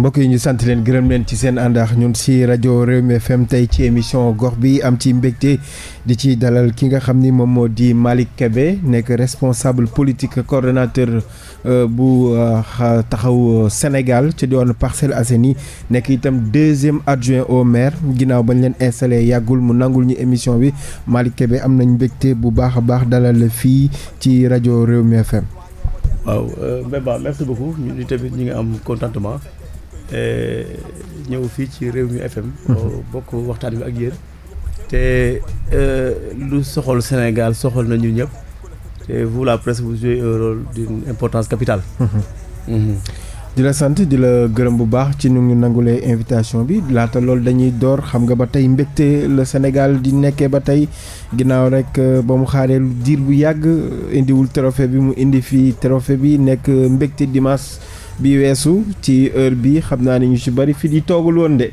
mbokk yi ñu sant leen gërëm leen ci seen àndaax ñun si rajo Rewmi FM tey ci émission gox bi am ci mbégte di ci dalal ki nga xam ni moom moo di Malick Kébé nekk responsable politique coordonnateur euh, bu euh, taxaw Sénégal ci diwaanu Parcelles Assainies nekk itam deuxième adjoint au maire ginnaaw bañ leen installé yàggul mu nangul ñu émission bi Malick Kébé am nañ mbégte bu baax a baax dalal fii ci rajo Rewmi FM. waaw euh, Mbemba merci beaucoup tamit ñu ngi am contentement. Eh, ñëw fii ci réew mi FM. Mhm. bokk waxtaan bi ak yéen. te eh, lu soxal Sénégal soxal nañu ñëpp te vous la presse vous jouez un d'une importance capitale. Mhm. Mhm. di la sant di la gërëm bu baax ci nu ñu nangulee invitation bi laata loolu dañuy door xam nga ba tey mbégte la Sénégal di nekkee ba tey ginnaaw rek eh, ba mu xaaree lu diir bu yàgg indiwul trophée bi mu indi fii trophée bi nekk mbégte dimanche. bi weesu ci heure bi xam naa ni ñu ci bari fii di toogul woon de.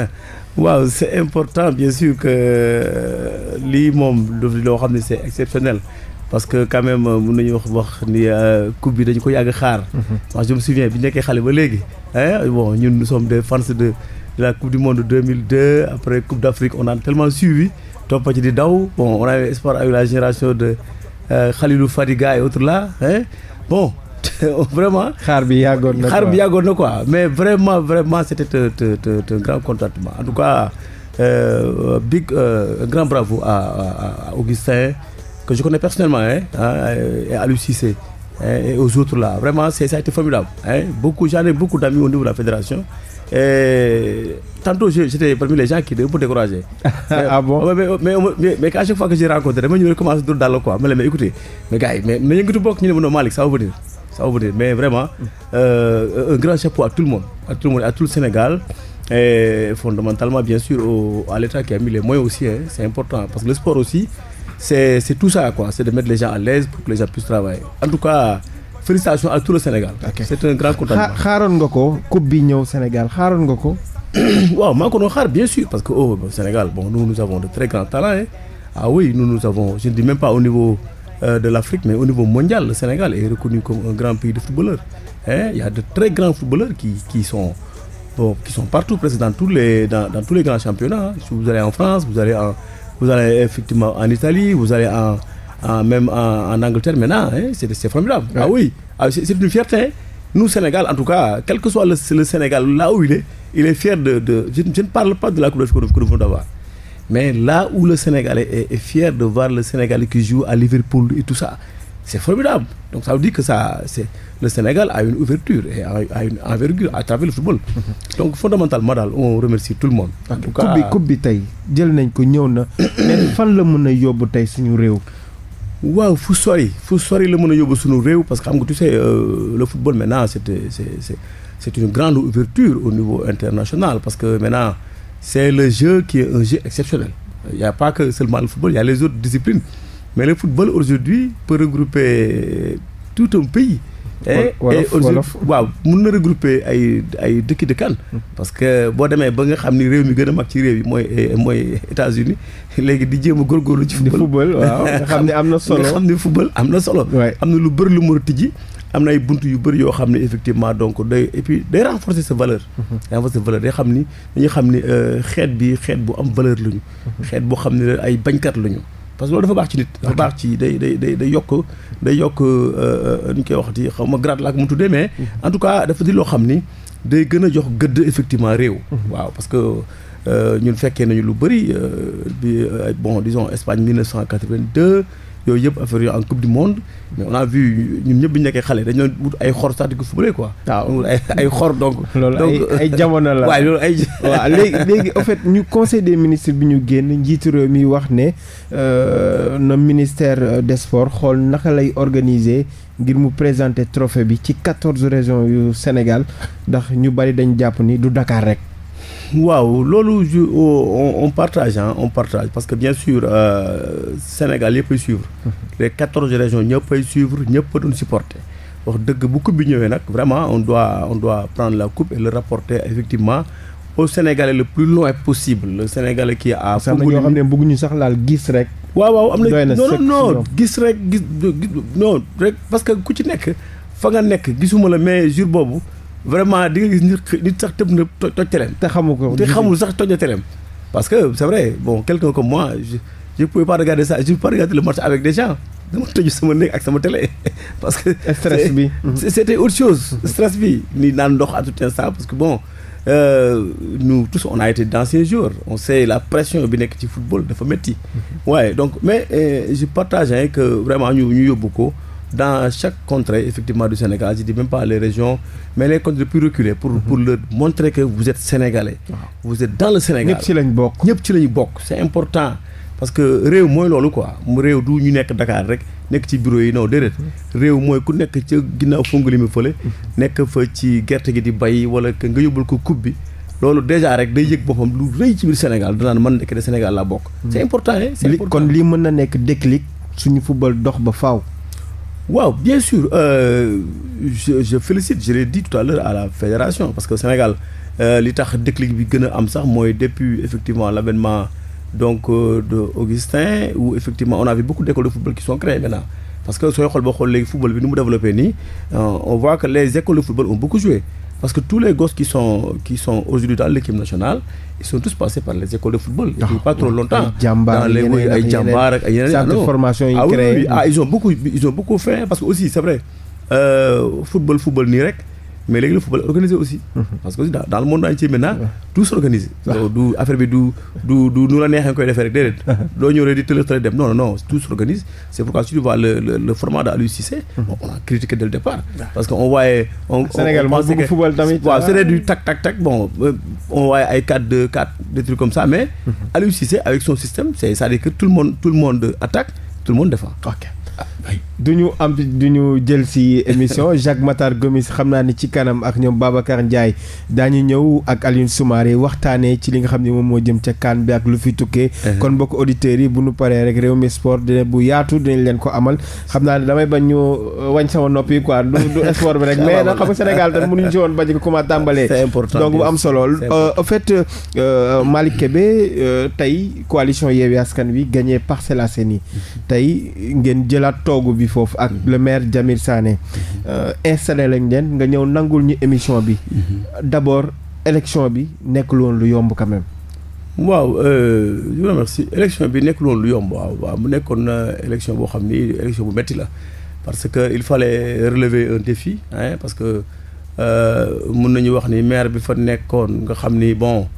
waaw c'est important bien sûr que euh, lii moom doo loo xam ne c'est exceptionnel. parce que quand même euh, mën nañu wax wax ni euh, coupe bi dañu ko yàgg xaar. wax mhm. je me souviens bi nekkee xale ba léegi. bon ñun nous sommes des fans de de la coupe du monde 2002 après coupe d'Afrique on a tellement suivi toppa ci di daw bon on a espoir avec la génération de Khalilou Fadiga yi autres là. bon vraiment. xaar bi yàggoon xaar bi yàggoon na quoi mais vraiment vraiment c' était un grand contentement en tout cas euh, big euh, grand bravo à, à, à Augustin que je connais personnellement hein, hein et à et aux autres là vraiment c' ça a été formidable en beaucoup d' amis au la fédération. Et tantôt j' étais parmi les gens qui étaient un peu découragés. ah bon mais la ma leen mais écoutez mais gars yi mais na yëngatu bokk ñu ne ma non Malick sa veut dire mais vraiment euh, un grand chapeau à tout le monde à tout le monde à tout le Sénégal et fondamentalement bien sûr au, à l'État a mis les moyens aussi c'est important parce que le sport aussi c'est c'est tout ça quoi c'est de mettre les gens à l'aise pour que les gens puissent travailler en tout cas tout le Sénégal c'est un grand contentement xaaroon nga ko coupe bi ñëw Sénégal xaaroon nga ko waaw maa ko bien sûr parce que au oh, Sénégal bon nous nous avons de très Euh, de l'Afrique, mais au niveau mondial, le Sénégal est reconnu comme un grand pays de footballeurs. Hein? Il très grands footballeurs qui, sont partout presque dans tous les dans, dans tous les grands championnats. Si vous allez en France, vous allez effectivement en Italie, vous allez en, même en, en, Angleterre maintenant. Hein? C'est formidable. Ah oui, ah, c'est une fierté. Nous Sénégal, en tout cas, quel soit le, Sénégal là où il est, il de. de je, ne parle pas de la Coupe que nous venons d'avoir. Mais là où le Sénégalais est, est de voir le Sénégalais qui joue à Liverpool et tout ça, c'est formidable. Donc ça veut dire que ça, c'est, le Sénégal a une ouverture et a, a une envergure à travers le football. Mhm. Donc fondamentalement daal on remercie tout le monde. en tout cas tey jël nañ ko ñëw na. fan la mën a yóbbu tey suñu réew. waaw fu sori fu sori la mën a yóbbu suñu réew parce que am nga tu sais euh, le football maintenant c'est une grande ouverture au niveau international parce que maintenant. c'est le jeu qui est un jeu exceptionnel. Il a pas que seulement le football, il y a les autres disciplines. Mais le football aujourd'hui peut regrouper tout un pays. et waaw mun na regrouper ay ay dëkki dëkkaan parce que boo demee ba nga xam ni réew mi gën a mag ci réew yi mooy mooy États-Unis léegi di jéem a góorgóorlu ci football waaw nga xam ne am na solo nga xam ne football am na solo waaye am na lu bëri lu mu ji am na ay bunt yu bëri yoo xam ne effectivement donc day et day renforcer sa valeur mhm. renforcer sa valeur day xam ni dañuy xam ni euh, xeet bi xeet bu am valeur la ñu mhm. xeet boo xam ne ay bañkat la ñu parce que loolu dafa baax ci nit dafa baax ci day day day day yokk day yokk euh, euh, ñu koy waxati xaw ma grade la ak mu tuddee mais mhm. en tout cas dafa di loo xam ni day gën a jox gëdd effectivement réew waaw parce que ñun fekkee nañu lu bëri bi bon disons Espagne 1982 yooyu yëpp affaire yoo am coupe du monde mais on a vu ñun ñëpp bi ñu nekkee xale dañu doon wut ay xor sax di ko fubalee quoi waaw ay ay xor donc loolu ay jamono la waaw loolu ay waaw léegi léegi en fait ñu conseil des ministre bi ñu génn njiitu réew mi wax ne euh, na ministère desport xool naka lay organiser ngir mu présenter trophée bi ci quatorze régions yu Sénégal ndax ñu bari dañ jàpp ni du Dakar rek waaw loolu je on partage ah on partage parce que bien sûr euh, Sénégal yëppay suivre les quatorze régions ñëppay suivre ñëpp a doon supporter wax dëgg bu coupe bi ñëwee nag vraiment on doit on doit prendre la coupe et le rapporter effectivement au Sénégalais le plus loin possible le Sénégalais qui a. sax na ñoo xam ne ñu sax laal gis rek. waaw waaw am na non non gis rek gis non rek parce que ku ci nekk fa nga nekk gisuma la mais jour boobu. vraiment di nga gis nit sax tëb na toj teleem. te xamu ko te xamul sax toj na teleem. parce que c'est vrai bon quelqu'un comme moi je je pouvais pas regarder ça je pouvais pas regarder le match avec des gens dama tëju sama néeg ak sama télé parce que. stress bi mhm. c'était autre chose. Mhm. stress bi ni naan ndox à tout instant parce que bon euh, nous tous on a été d'anciens joueurs on sait la pression bi nekk ci football dafa métti. waaye mhm. donc mais euh, je partage hein, vraiment ñu ñu yóbbu ko. dans chaque contre effectivement du Sénégal je dis même pas les régions mais les contrées les pour pour mhm. leur montrer que vous êtes sénégalais. Ah. dans le Sénégal ñëpp ci lañ bokk. ñëpp ci lañ bokk c'est important parce que réew mooy loolu quoi mu réew du ñu nekk Dakar rek nekk ci bureau yi non déedéet. Mm. réew mooy ku nekk ca ginnaaw fungali mi fële. Mm. nekk fa ci gerte gi di bay wala que nga yóbbul ko coupe bi. loolu déjà rek day yëg boppam lu rëy ci biir Sénégal danaan man nekk de Sénégal laa bokk. Mm. c'est important hein kon lii mën na nekk déclic suñu football dox ba faaw. waaw bien sur euh, je je félicite je l'ai dit tout à l'heure à la fédération parce que Sénégal euh, li tax déclic bi gën a am sax mooy depuis effectivement l'avènement donc euh, de Augustin où effectivement on a vu beaucoup d'écoles de football qui sont créées maintenant parce que sooy xool boo xool léegi football bi nu mu développé nii euh, on voit que les écoles de football ont beaucoup joué Parce que tous les gosses qui sont, qui sont aujourd'hui dans l'équipe nationale, ils sont tous passés par les écoles de football depuis ah, pas trop longtemps. dans les ay Djambar ak yeneen centre de ah formation Ah, ah ils ont beaucoup fait parce que aussi c'est vrai euh, football football nii rek. mais léegi le football organisé aussi. Mhm. parce que dans le monde entier maintenant. tout s'organise. du affaire bi du du du nu la neexee koy defee rek déedéet. doo ñëw rek di tële tële dem non non tout s'organise. c'est pourquoi si tu vois format d'Aliou Cissé. Mhm. on a on voyait. on Sénégal moo bëgg tamit. waaw ah. c'est du tac tac tac bon euh, on voyait ay 4-2 4 des trucs comme ça mais. Mhm. Aliou Cissé avec son système c'est cest dire que tout du ñu am du ñu jël si émission Jacques Matar Gomis xam naa ni ci kanam ak ñoom Babacar Ndiaye daañu ñëw ak Alioune yi waxtaanee ci li nga xam ne moom moo jëm ca kaan bi ak lu fi tukkee. Uh-huh. kon mbokk auditeurs yi bu nu paree rek réew mi sport dina bu yaatu dinañ leen ko amal xam naa ne damay bañ ñu uh, wañ sama noppi quoi du du sport bi rek. mais nag xam nga Sénégal tam mënuñu si woon bañ ko comment tàmbalee. c'est donc bu am solo en euh, fait euh, Malick Kébé euh, tey coalition Yewwi Askan Wi gagné Parcelles Assainies mm-hmm. tey ngeen jël. jëlaat toogu bi foofu ak le maire Jamil Sané euh, installé lañ leen nga ñëw nangul ñu émission bi mhm. d'abord élection bi nekkul woon lu yomb quand waaw euh, je vous remercie bi nekkul lu yomb waaw waaw mu nekkoon na élection boo xam ni élection bu métti la parce que il fallait relever un défi hein parce que euh, mun nañu wax ni maire bi fa nekkoon nga xam ni bon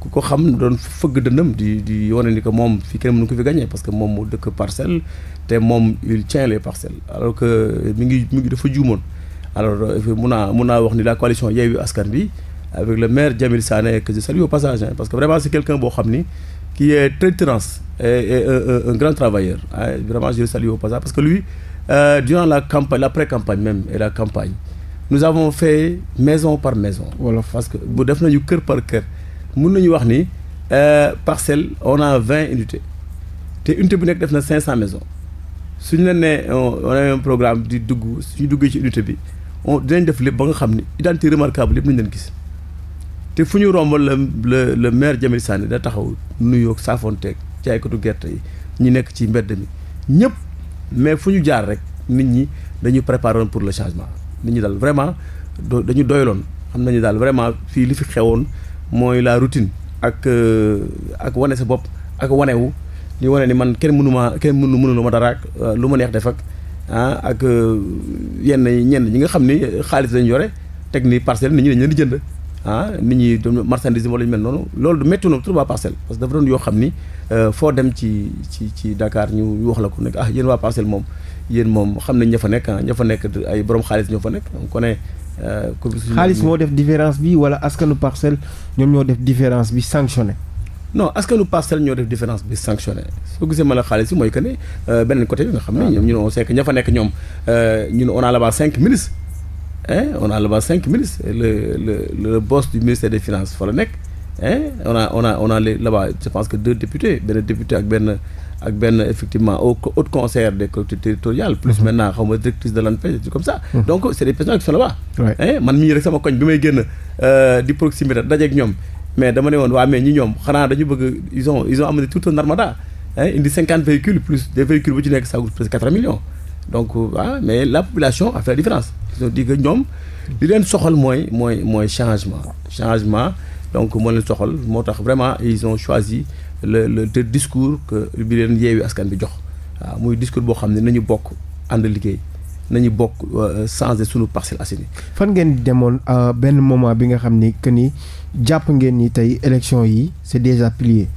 ku ko xam doon fëgg dëndam di di wane ni que moom fi kenn mënu ko fi gagné parce que moom moo dëkk parcelle te moom il tient les parcelles alors que mi ngi mi ngi dafa juumoon alors euh, mun naa mun naa wax ni la coalition Yewwi Askan bi avec le maire Djamil Sané que je salue au passage parce que vraiment c'est quelqu'un boo xam ni qui est très tenace et, et un, grand travailleur vraiment je salue au passage parce que lui euh, durant la campagne la pré-campagne même et campagne nous maison par maison. voilà parce que bu def nañu kër par kër. mun nañu wax ni euh, parcelle on a vingt unité te unité bu nekk def na cinq cent maisons suñu la nee on a programme di dugg suñu duggee ci unité bi on dinañ def lépp ba nga xam ni identité remarquable lépp nañ leen gis te fu ñu romb la le le maire Jamil sànni da taxaw nuyoo saafonteeg jaaykatu gerte yi ñu nekk ci mbedd mi ñëpp mais fu ñu jaar rek nit ñi dañu préparon pour le changement nit ñi daal vraiment dañu doyloon xam nañu daal vraiment fii li fi xewoon mooy la routine ak euh, ak wane sa bopp ak wanewu li wane ni man kenn mënu maa kenn mënu mënu ma ak euh, lu ma neex def ak ah ak euh, yenn ñenn ñi nga xam ni xaalis lañ yore teg ni parcelle nit ñi dañ leen di jënd ah nit ñi doon marchandise wala ñu mel noonu loolu du métti na trop waa parcelle parce que dafa doon yoo xam ni foo dem ci ci ci Dakar ñu wax la ko nekk ah yéen waa parcelle moom yéen moom xam nañ ña fa nekk ah ña fa nekk ay borom xaalis ñoo fa nekk on Euh, xaalis moo def différence bi wala askanu parcelle ñoom ñoo def différence bi sanctionné. no askanu parcelle ñoo def différence bi sanctionné soo gisee ma la xaalis bi mooy que ne euh, beneen côté bi nga xam ne ah. ñoom ñu ne on sait fa nekk ñoom euh, ñu ne a là-bas cinq ministres. Hein? on a cinq ministres le le bos boss du ministère des finance fa la nekk on a on a on a les là-bas je pense que deux députés benn député ak benn. ak benn effectivement au haut conseil des collectivités territoriales. plus mm -hmm. maintenant xaw ma directrice de l'ANPEJ comme ça. Mm donc c' est des personnes qui sont là man mii rek sama koñ bi may génn euh, di proximité dajeeg ñoom mais dama ne woon waa mais ñi ñoom xanaa dañu bëgg ils on ils ont amené tout un indi cinquante véhicules plus des véhicules bu ci nekk ça coûte presque quatre millions. donc ah mais la population a fait la différence. ils ont dit ñoom li leen soxal mooy mooy mooy changement changement donc moo soxal moo tax vraiment ils ont choisi. le le te discours que bi leen yeewi askan bi jox waaw muy discours boo xam ne nañu bokk ànd liggéey ñu bokk euh, changer sunu Parcelles Assainies fan ngeen demoon euh, benn moment bi nga xam ni que ni jàpp ngeen ni tey élection yi c'est déjà plié.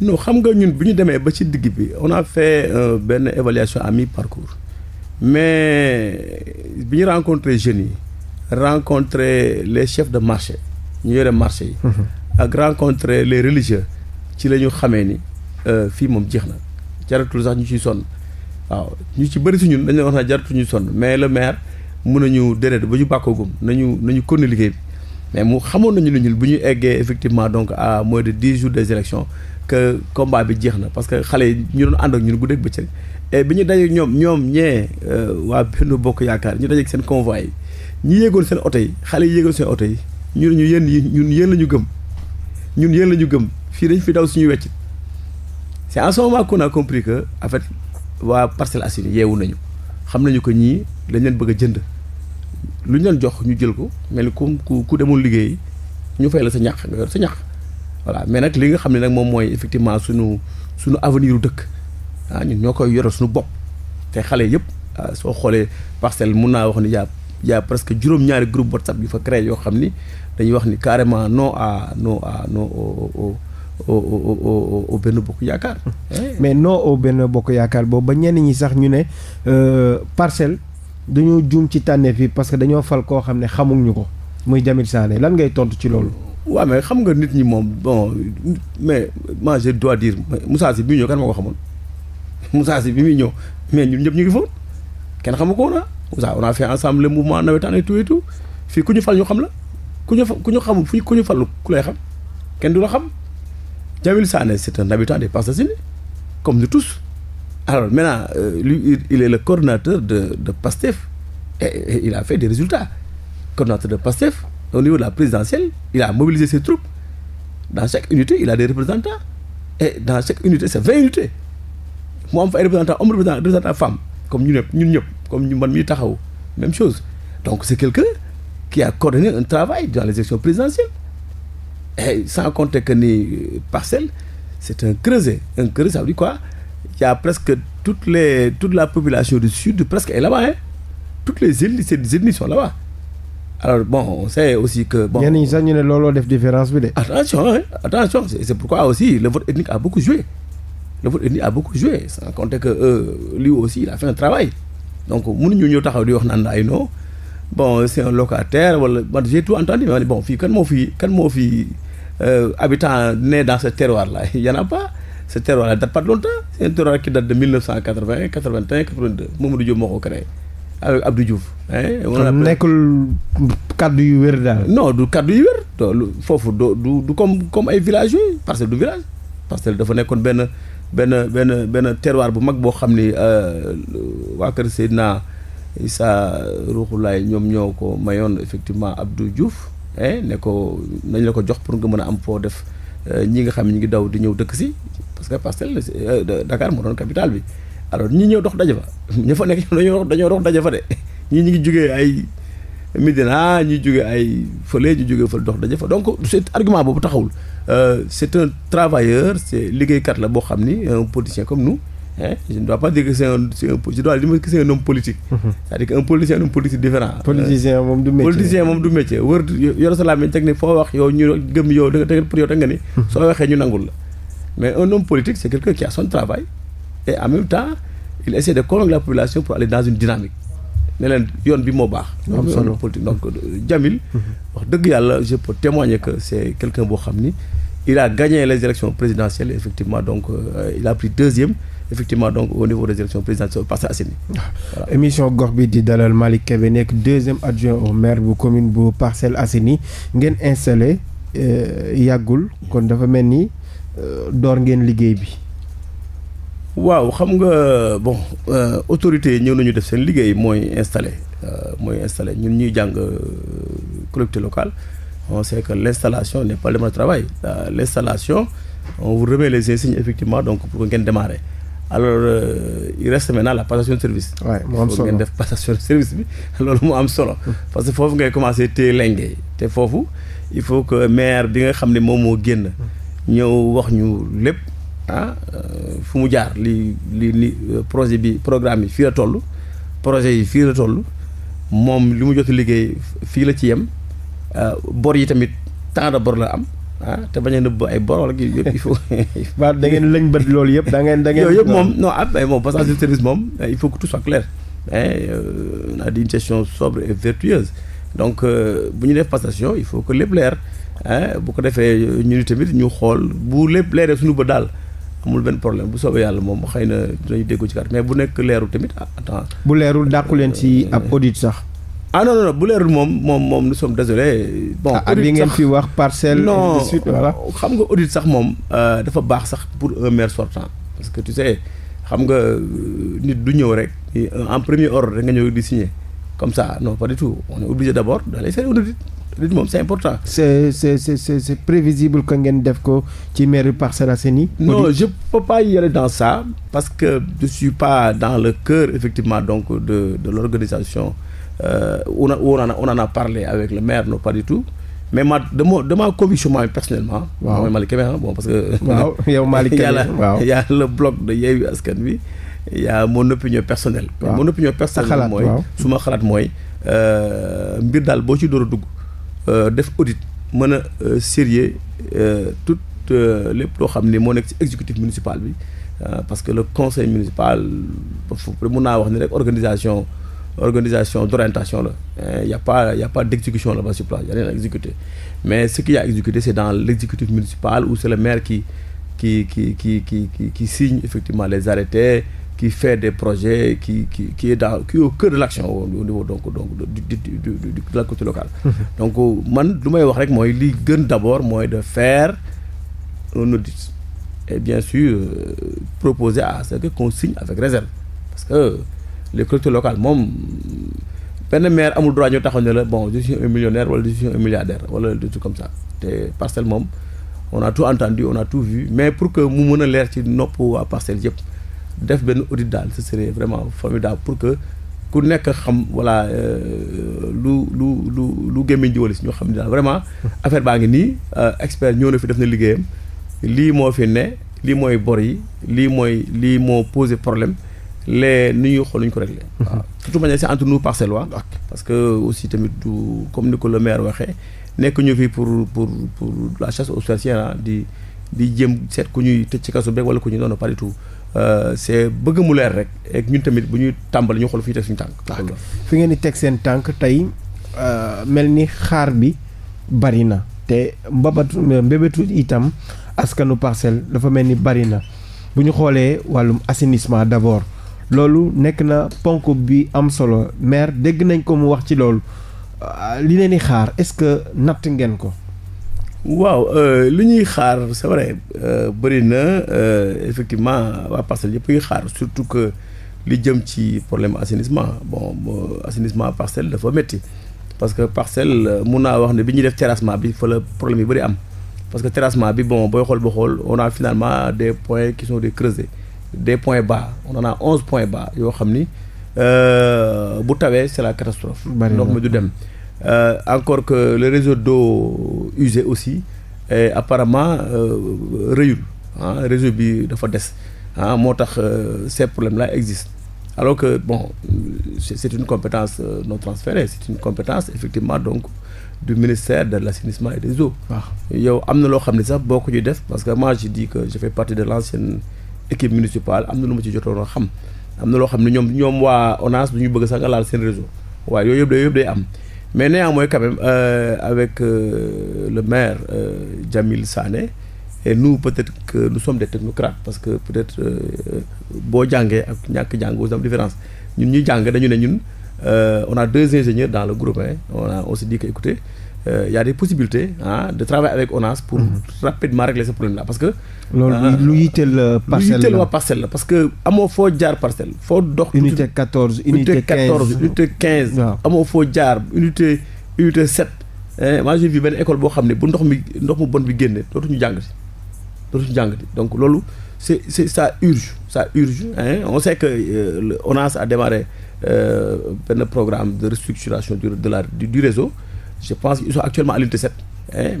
non xam nga ñun bu ñu demee ba ci digg bi on a fait euh, benn évaluation à mi-parcours mais bi ñu rencontré jeunes yi rencontré les chef de marché ñu yore marché yi. Mm-hmm. ak rencontré les religieux. ci la ñu xamee ni euh, fii moom jeex na jaratul sax ñu ciy sonn waaw ñu ci bëri si ñun dañoo wax naa jaratul ñu sonn mais le maire mun nañu déret ba ñu bàkkoo bàkkoogum nañu nañu continuer liggéey bi mais mu xamoon nañu lu ñul bu ñu eggee effectivement donc à mois de dix jours des élections que combat bi jeex na parce que xale yi ñu doon ànd ak ñun guddeeg bëccëg et bi ñu dajeeg ñoom ñoom ñee euh, waa Benno Bokk Yaakaar ñu dajeeg seen convoy yi ñi yéegoon seen oto yi xale yi yéegoon seen yi ñun ñu yéen ñun yéen la ñu gëm ñun yéen la ñu gëm fii dañ fi daw suñuy wecc c'est en ce moment qu'on a compris que en fait waa Parcelles Assainies yeewu nañu xam nañu ko ñii dañ leen bëgg a jënd lu ñu leen jox ñu jël ko mel ni ku ku demul liggéey ñu fay la sa ñax nga yor sa ñax voilà mais nag li nga xam ne nag moom mooy effectivement suñu suñu avenir dëkk ah ñun ñoo koy yoral suñu bopp te xale yëpp ah, soo xoolee parcelle mun naa wax ni yaa yaa presque juróom-ñaari groupe WhatsApp yu fa créé yoo xam ni dañuy wax ni carrément non à non à non au au au au benn bokk yaakaar. Eh. mais non au benn bokk yaakaar boobu ba ñenn ñi sax ñu ne euh, parcelle dañoo juum ci tànneef yi parce que dañoo fal koo xam ne xamuñu ko muy Jamil Sané lan ngay tontu ci loolu. waaw mais xam nga nit ñi moom bon mais moi je dois dire Moussa Sy bi muy ñëw kan ma ko xamoon Moussa Sy bi muy ñëw mais ñun ñëpp ñu ngi foon kenn xamu ko woon ah Moussa on a fait ensemble le mouvement nawetaan et tout et tout fii ku ñu fal ñu xam la. ku ñu fa ku ñu xamul fii ku ñu falu ku lay xam kenn du la xam Jamil Sané c'est un habitant des Parcelles Assainies comme nous tous alors maintenant euh, lui il est le coordinateur de de PASTEF et, et il a fait des résultats coordonnateur de PASTEF au niveau de la présidentielle il a mobilisé ses troupes dans chaque unité il a des représentants et dans chaque unité c'est vingt unités mu am fa ay représentants hommes représentants femmes comme ñu ñëpp ñun ñëpp comme ñu man mii taxaw même chose donc c'est quelqu'un qui a coordonné un travail dans les élections présidentielles. Et sans compter que ni euh, parcelle, c'est un creuset. Un creuset, ça veut dire quoi Il presque toutes les, toute la population du sud, presque est là-bas. Hein? Toutes les îles, ces sont là Alors bon, on sait aussi que... Bon, attention, hein? attention. C'est pourquoi aussi le vote ethnique a beaucoup joué. Le vote ethnique a beaucoup joué, sans compter que euh, lui aussi, il a fait un travail. Donc, nous, nous, nous, nous, nous, bon c'est un locataire wala man j'ai tout entendu mais bon fii kan moo fi kan moo fi euh, habitant né dans ce terroir là y en a pas ce terroir là date pas de longtemps c'est un terroir qui date de 1980 81 82 Mamadou Diop moo ko créé avec Abdou Diouf. nekkul kaddu yu wér daal. non du kaddu yu wér. foofu du du comme comme ay village yooyu parcelle du village parcelle dafa nekkoon benn benn benn benn terroir bu mag boo xam ni euh, waa Kër Seydina. Issa Ruuxulaay ñoom ñoo ko mayoon effectivement Abdou Diouf eh ne ko nañ la ko jox pour nga mën a am foo def euh, ñi nga xam ñu ngi daw di ñëw dëkk si parce que Parcelles euh, Dakar moo doon capital bi alors ñi ñëw dox daje fa ñu fa nekk dañoo dañoo dox daje fa de ñii ñu ngi jugee ay Médina ñu jugee ay fële ñu jugee fële dox daje fa donc c'est argument boobu taxawul euh, c'est un travailleur c'est liggéeykat la boo xam ni un comme nous Hein? je ne dois pas dire que c'est un c'est un je dois dire que un politique. Mhm. c'est-à-dire politique moom du métier wër yor sa làmmiñ teg foo wax yow ñu gëm yow da nga nga ni. Mhm. soo waxee ñu nangul la. mais un homme politique c'est quelqu'un qui a son travail et en même temps il essaie de convaincre la population pour aller dans une dynamique. ne yoon bi moo baax. moo am solo politique donc euh, Jamil. Mhm. wax dëgg yàlla je peux témoigner que c'est quelqu'un boo xam n il a gagné les élections présidentielles effectivement donc euh, il a pris deuxième. effectivement donc au niveau des élections présidentielles Parcelles Assainies voilà. émission gox bi di dalal Malick Kébé nekk deuxième adjoint au maire bu commune bu Parcelles Assainies ngeen installé euh, yàggul kon dafa mel ni euh, door ngeen liggéey bi. waaw xam nga bon euh, autorité ñëw nañu def seen liggéey mooy installé mooy installé ñun ñuy jàng collectivité locale on sait que l' installation n' est pas le même travail l' installation on effectivement donc pour ngeen démarrer. alors euh, il reste maintenant la passation de service. waay mu am solo ngeen def passation de service bi loolu mu am solo. parce que foofu ngay commencé téye lenge te foofu il faut que maire bi nga xam ne moom moo génn. ñëw wax ñu lépp ah euh, fu mu jaar li li li euh, projet bi programme yi fii la toll. projet yi fii la toll moom li mu jot liggéey fii la ci yem bor yi tamit temps de bor la am. ah te bañ a nëbb ay borol ak yëpp il faut. waaw da ngeen lëñ bët loolu yëpp dangeen ngeen da ngeen. yooyu yëpp moom non après ah, moom passage de service moom eh, il faut que tout soit clair. mais eh, euh, on a gestion sobre et vertueuse donc euh, bu ñu def passation il faut que lépp leer eh, bu ko defee euh, ñu tamit ñu xool bu lépp leeree suñu bët daal. amul benn problème bu soobee yàlla moom xëy na dinañu déggoo ci kàddu mais bu nekk leeru tamit ah attends. bu leerul dàqu leen ci ab audit sax. ah non non bu leerul moom moom moom nous sommes désolés. bon ah, ah, audit sax ngeen fi wax parcelle. non xam nga audit sax moom euh, dafa baax sax pour un maire sortant parce que tu sais xam nga euh, nit du ñëw rek en premier ordre rek nga ñëw di signer comme ça non pas du tout on est obligé d' abord d'aller faire audit audit moom c' est important. c' est c' prévisible que ngeen def ko ci mairie Parcelles Assainies. non je peux pas y aller dans ça parce que je suis pas dans le cœur effectivement donc de de l' organisation. euh, on, a, on, en a, on en a parlé avec le maire, non pas du tout. mais ma de ma de ma conviction moi personnellement. waaw mooy Malick Kébé bon parce que. waaw yow Malick Kébé waaw y' a le bloc Askan Wi. y' a mon opinion personnelle. waaw mon opinion personnelle mooy su ma xalaat mooy. Euh, mbir daal boo ci door a dugg euh, def audit mën a euh, sérieux tout lépp loo xam ne moo nekk ci exécutif municipal bi parce que le conseil municipal mun naa wax ni rek organisation. organisation d'orientation là il eh, y a pas il y a pas d'exécution là-bas sur place il y a rien à exécuter mais ce qu'il y a exécuté c'est dans l'exécutif municipal où c'est le maire qui qui qui qui signe effectivement les arrêtés qui fait des projets qui qui qui est dans qui est au de l'action au niveau donc donc du du du de la côté locale. Mhm. donc euh, man lu may wax rek mooy li gën d'abord mooy de fair un audit et bien sûr euh, proposer à ce que qu'on avec réserve les collectivités local moom benn maire amul droit ñu taxaw ne la bon je suis un millionnaire wala je un milliardaire wala des trucs comme ça te parcelle moom on a tout entendu on a tout vu mais pour que mu mën a leer ci nopp waa parcelle yëpp def benn audit daal ce serait vraiment formidable pour que ku nekk xam voilà euh, lu lu lu lu gémmiñ di walis ñu xam ne daal vraiment affaire baa ngi nii euh, expert ñoo na fi def na liggéeyam lii moo fi ne lii mooy bor yi lii mooy lii moo posé problème les nu ñuy xool nu ñu ko réglé. waaw surtout ma ne c'est entre nous parce que aussi tamit du comme ni ko le maire waxee nekk ñu fi pour pour pour la chasse aux sorcières di di jëm seet ku ñuy tëj ci kaso beeg wala ku ñu noonu pas du tout euh, c'est bëgg mu leer rek ak ñun tamit bu ñuy tàmbali ñu xool fu ñu teg suñu tànk. fi ngeen di teg seen tànk tey euh, mel ni xaar bi bari na te mbabatu mbébétu itam askanu parcelle dafa mel ni bari na bu ñu xoolee wàllum assainissement d'abord. loolu nekk na ponk bi am solo maire dégg nañ ko mu wax ci loolu ah, li leen di xaar est-ce que natt ngeen ko. waaw euh, li ñuy xaar c'est vrai euh, bëri na euh, effectivement waa Parcelles yëpp yu xaar surtout que li jëm ci problème assainissement bon assainissement Parcelles dafa métti. parce que Parcelles mun naa wax ne bi ñuy def terrassement bi fa la problème yi bëri am parce que terrassement bi bon booy xool ba xool on a finalement des points qui sont des creusés. des points bas on en a onze points bas yoo xam ni euh, bu tawee c'est la catastrophe ndox mi du dem euh, encore que le réseau d'eau use aussi et apparemment euh, rëyul ah réseau bi dafa des ah moo tax ces problèmes là existent alors que bon c'est une compétence non transférée c'est une compétence effectivement donc du ministère de l'assainissement et des eaux ah. yow am na loo xam ne sax boo ko ñuy def parce que moi je dis que je fais partie de l'ancienne équipe municipale am na lu ma ci jotoon a xam am na loo xam ne ñoom ñoom waa ONAS du ñu bëgg sax nga laal seen réseau waaye yooyu yëpp day yëpp day am mais néanmoins quand même euh, avec euh, le maire euh, Jamil Sané et nous peut-être que nous sommes des technocrates parce que peut-être euh, boo jàngee ak ñàkk jàng aussi am différence ñun ñuy jàng dañu ne ñun euh, on a deux ingénieurs dans le groupe hein on a on s'est euh, y possibilité ah de travailler avec ONAS pour mm -hmm. rapidement régler ce problème là parce que. loolu lu euh, yitteel euh, parcelle la lu yitteel parcelle la parce que amoo foo jaar parcelle foo dox. unité 14 unité 15 unité 15 waaw amoo foo jaar unité unité 7. maa ngi fi benn école boo xam ne bu ndox mi ndox mu bon bi génne dootuñu jàng si dootuñu jàng si donc loolu c'est c'est ça urge ça urge hein on sait que euh, à a démarré. Euh, benn programme de restructuration du de la du, du réseau je pense qu'ils sont actuellement à l'unité 7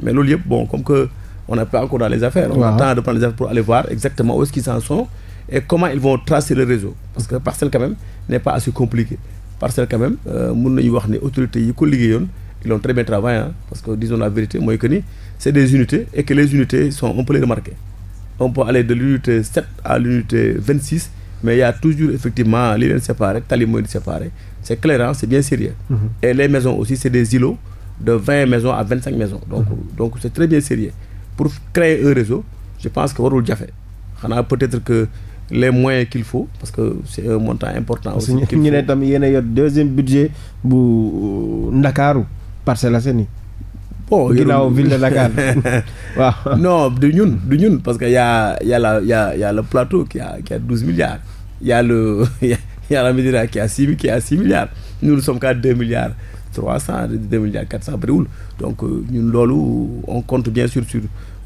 mais loolu yëpp bon comme que on n'est pas encore dans les affaires on ah. attend de prendre les affaires pour aller voir exactement où est-ce qu'ils en et comment ils vont tracer le réseau parce que parcelle quand même n'est pas assez compliqué parcelle quand même euh, mun nañu wax ne autorités yi ko liggéeyoon ils l'ont très bien travaillé parce que disons la vérité mooy que ni c'est des unités et que les unités sont on peut les remarquer on à l'unité 26 mais il y a toujours effectivement li leen séparé tali de vingt maison à vingt cinq maison donc donc c' est très bien sérieux pour créer un réseau je pense que warul jafe xanaa peut-être que les moyens qu'il faut parce que c' est un montant important. aussi qu'il ñu ne tam yéen a yor deuxième budget bu euh, Ndakaaru Parcelles Assainies. bon ginnaaw ville de Dakar waaw. non du ñun du ñun parce que yaa yàlla y' a la y' a y' a le plateau qui a qui a douze milliards y' a le a la Médina six milliards nous ne sommes qu'à deux milliards. trois cent deux milliards quatre cent bëriwul donc euh, ñun loolu on compte bien sûr sur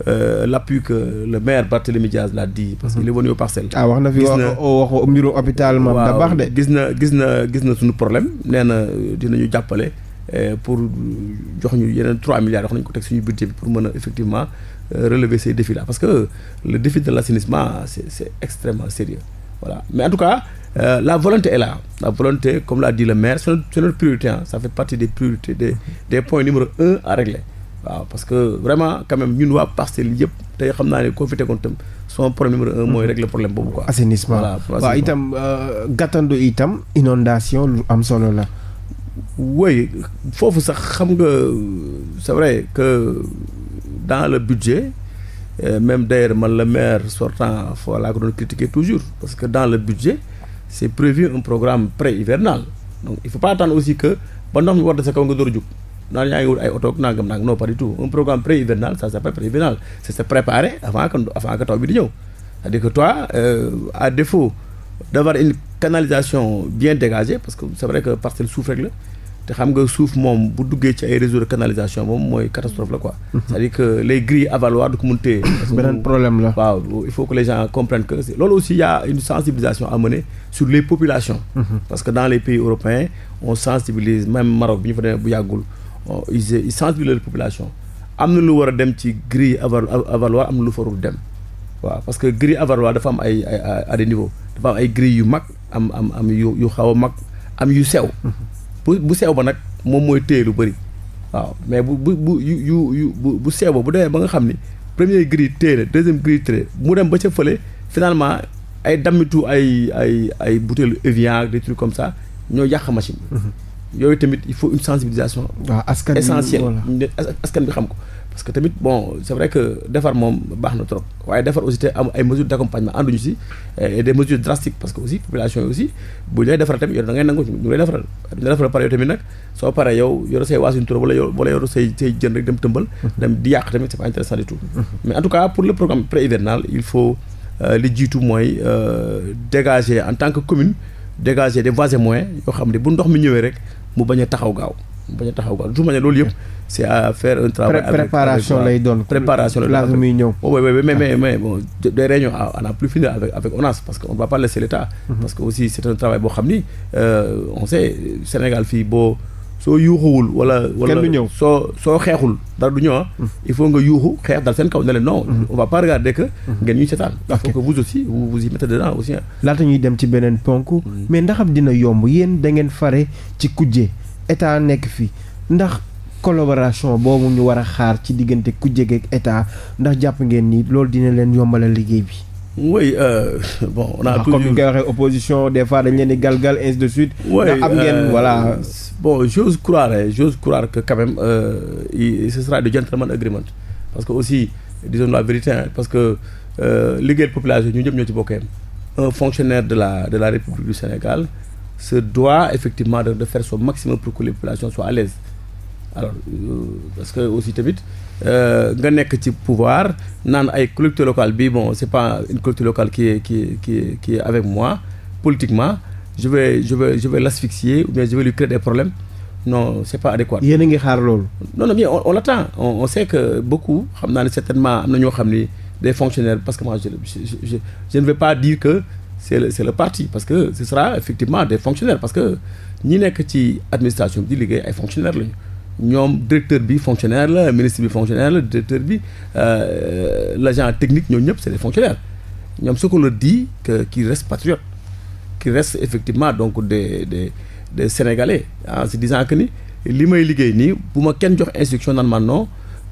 euh, l' appui que le maire Barthélémy Diaz l'a di parce que mhm. li est venu aux ah wax na fi wax waxu mbiru hôpital moom da baax de gis na gis na gis na suñu problème nee na euh, ñu jàppale. pour jox ñu yeneen 3 milliards wax nañu ko teg suñu budget bi pour mën effectivement relever ces défis là parce que le défi de l' assainissement c' est c' est extrêmement sérieux voilà Euh, la volonté est là. La volonté, comme l'a dit le maire, c'est notre, notre, priorité. Hein. Ça fait partie des priorités, des, points numéro un à régler. waaw parce que vraiment quand ñun waa Parcelles yëpp tey xam naa ne koo fi tegoon son problème numéro un mooy mhm. régler problème boobu ko assainissement waaw itam euh, gàttandu itam inondation lu am solo la. oui foofu sax xam nga c'est vrai que dans le budget euh, même d'ailleurs man la maire sortant foo laa ko doon critiquer toujours parce que dans le budget. c'est prévu un programme pré-hivernal donc il faut pas attendre aussi que ba ndox mi war de sa kaw nga door a jug naan yaa ngi wut ay oto nangam nangam non pas du tout un programme pré-hivernal ça s'appelle pré-hivernal c'est se préparer avant que avant que taw bi di ñëw c'est-à-dire euh, à défaut d'avoir une canalisation bien dégagée parce que c'est vrai que parcelle suuf rek la te xam nga suuf moom bu duggee ci ay réseau de canalisation moom mooy catastrophe la quoi. cest dire que les grilles avaloirs du ko mën téye. beneen problème la waaw il faut que les gens comprennent que loolu aussi y une sensibilisation à mener sur les populations. Mhm. parce que dans les pays européens on sensibilise même Maroc bi ñu fa demee bu yàggul ils ils sensibilisent les populations am na lu war a dem ci grille avaloir am na lu farul dem. waaw parce que grille avaloir dafa am ay ay à dafa am ay grille yu mag am am am yu yu xaw a mag am yu sew. Mhm. bu bu seew ba nag moom mooy téye lu bëri waaw mais bu bu bu yu bu bu sew ba bu demee ba nga xam ni première grille téye deuxième gris téye mu dem ba ca fële finalement ay dammitu ay ay ay butéelu Evian des comme ça ñoo yàq machine. Mhm. yooyu tamit il faut une sensibilisation. waaw askan essentielle askan bi xam ko. parce que tamit bon c'est vrai que defar moom baax na trop waaye defar aussi te am ay mesures d'accompagnement ànduñu si et des mesures parce que aussi population yi aussi bu ñu lay defaral tamit yow da ngay nangu ñu ngi lay defaral ñu lay defaral pare yow tamit nag soo paree yow yore say waasin tur wala mais en cas pour le programme pré-hivernal il euh, li jiitu mooy euh, dégager en tant que commune dégager des voies et moyens xam ne bu ndox mi ñëwee rek mu bañ a taxaw gaaw bañ a taxaw quoi toujours ma loolu yëpp c' est à faire un travail. Pré préparation lay doon préparation lay doon laaj muy ñëw. oui oui mais mais mais bon des réunions à à plus finir avec avec ONAS parce que on ne va pas laisser l' état. Mm-hmm. parce que aussi c' est un travail boo xam ni euh, on sait Sénégal fii boo soo yuuxuwul wala. wala soo soo xeexul dara du ah. mm-hmm. il faut nga yuuxu xeex dal seen kaw ne leen non. Mm-hmm. on va pas regarder que. ngeen ñuy seetaan. il ah. laata ñuy dem ci beneen ponk. mais ndax am dina yomb yéen da ngeen fare ci kujje. état nekk fi ndax collaboration boobu ñu war a xaar ci diggante ku jege ak ndax jàpp ngeen nii loolu dina leen yombalal liggéey bi. oui euh, bon on a. Ah, comme nga waxee opposition des fois dañ leen di galgal ainsi de suite. oui am ngeen euh, voilà. bon j'ose croire j'ose croire que quand même euh, il, ce sera gentleman agreement parce que aussi disons la vérité parce que euh, liggéey population ñu ñëpp ñoo ci bokkee un fonctionnaire de la de la République du Sénégal. se doit effectivement de, de faire son maximum pour que les populations soient à l'aise alors euh, parce que aussi tamit euh, nga nekk ci pouvoir naan ay collectivité locale bi bon c'est pas une collectivité locale qui est qui est avec moi politiquement je vais je vais je vais l'asphyxier ou bien je vais lui créer des problèmes non c'est pas adéquat. yéen a ngi xaar loolu. non non mais on on l'attend on, sait que beaucoup xam naa ne certainement am na ñoo xam ni des fonctionnaires parce que moi je c'est le c'est le parti parce que ce sera effectivement des fonctionnaires parce que ñi nekk ci administration bi di liggéey ay fonctionnaires lañu ñoom directeur bi fonctionnaire la ministre bi fonctionnaire la directeur bi euh, l'agent technique ñoom ñëpp c'est des fonctionnaires ñoom ce qu'on leur dit que qu'ils restent patriotes qu'ils effectivement donc de de des sénégalais en se disant que ni li may liggéey nii bu ma kenn jox instruction naan man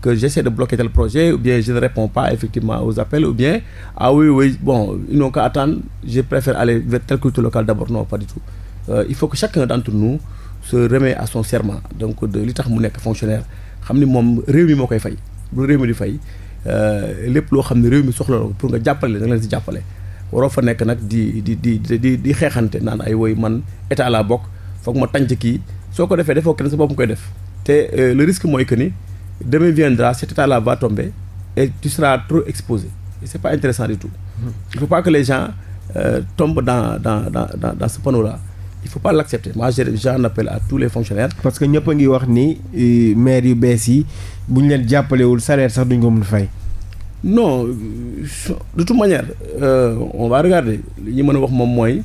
que j'essaie de bloquer tel projet ou bien je ne réponds pas effectivement aux appels ou bien ah oui oui bon ils n'ont qu'à attendre je préfère aller vers telle culture locale d'abord non pas du tout euh, il faut que chacun d'entre nous se remet à son serment donc li tax mu nekk fonctionnaire xam ni moom réew mi moo koy fay bu réew mi di fay euh, lépp loo xam ne réew mi soxla na pour nga jàppale leen da leen si jàppale waroo fa nekk nag di di di di di xeexante naan ay woy man état laa bokk foog ma tànc kii soo ko defee defoo kenn sa bopp koy def te euh, le risque mooy que ni demain viendra cet état-là va tomber et tu seras trop exposé et c'est pas intéressant du tout il faut pas que les gens euh, dans dans dans dans ce panneau-là il faut pas l'accepter moi j'en appelle à tous les fonctionnaires parce que ñëpp a ngi wax ni euh, maire yu bees yi bu ñu leen jàppalewul salaire sax duñ ko mën fay non euh, de toute manière euh, on regarder li ñu mën a wax moom mooy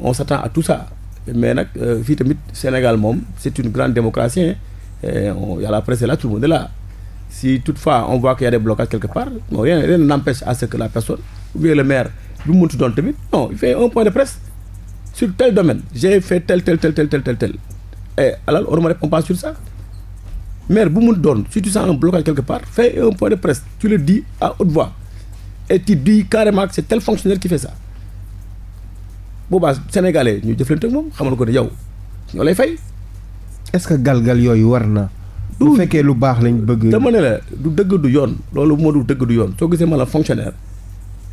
on s'attend à tout ça mais nag fii tamit Sénégal moom c'est une grande démocratie hein. Et eh, on, il y a la tout le monde est Si toutefois on voit qu'il y a des blocages quelque part, non, rien n'empêche à ce que la personne, ou bien le maire, du monde donne non, il fait un point de presse sur tel domaine. J'ai fait tel, tel, tel, tel, tel, tel, tel. Et eh, alors, on ne me répond pas sur ça. Maire, vous me donne, si tu sens un blocage quelque part, fais un point de presse. Tu le dis à haute voix. Et tu dis carrément que tel fonctionnaire qui fait ça. Bon, bah, Sénégalais, nous défendons, nous savons que nous est-ce que galgal yooyu war na. bu fekkee lu baax lañ bëgg. dama ne la du dëgg du yoon loolu moo du dëggadu yoon soo gisee ma la fonctionnaire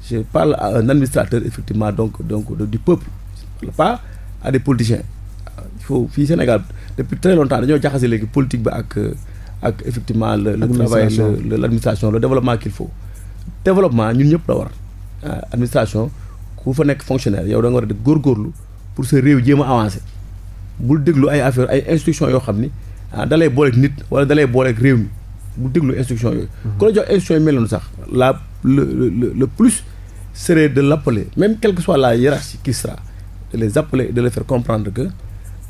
je parle à un administrateur donc donc du peuple je pas à des politiciens. il faut fii Sénégal depuis très longtemps dañoo jaxase léegi politique bi ak ak effectivement. la le travail le l' administration le développement qu'il faut. développement ñun ñëpp la war ah, administration ku fa nekk fonctionnaire yow da nga war a def góorgóorlu pour sa réew jéem a avancer. bul déglu ay affaire ay instruction yoo xam ni ah da lay nit wala da boole booleeg réew mi bul déglu instruction yooyu. Mhm. ku la jox instruction yi sax la le le plus serait de l' même quelle que soit la hiérarchie qui sera de les appeler de les faire comprendre que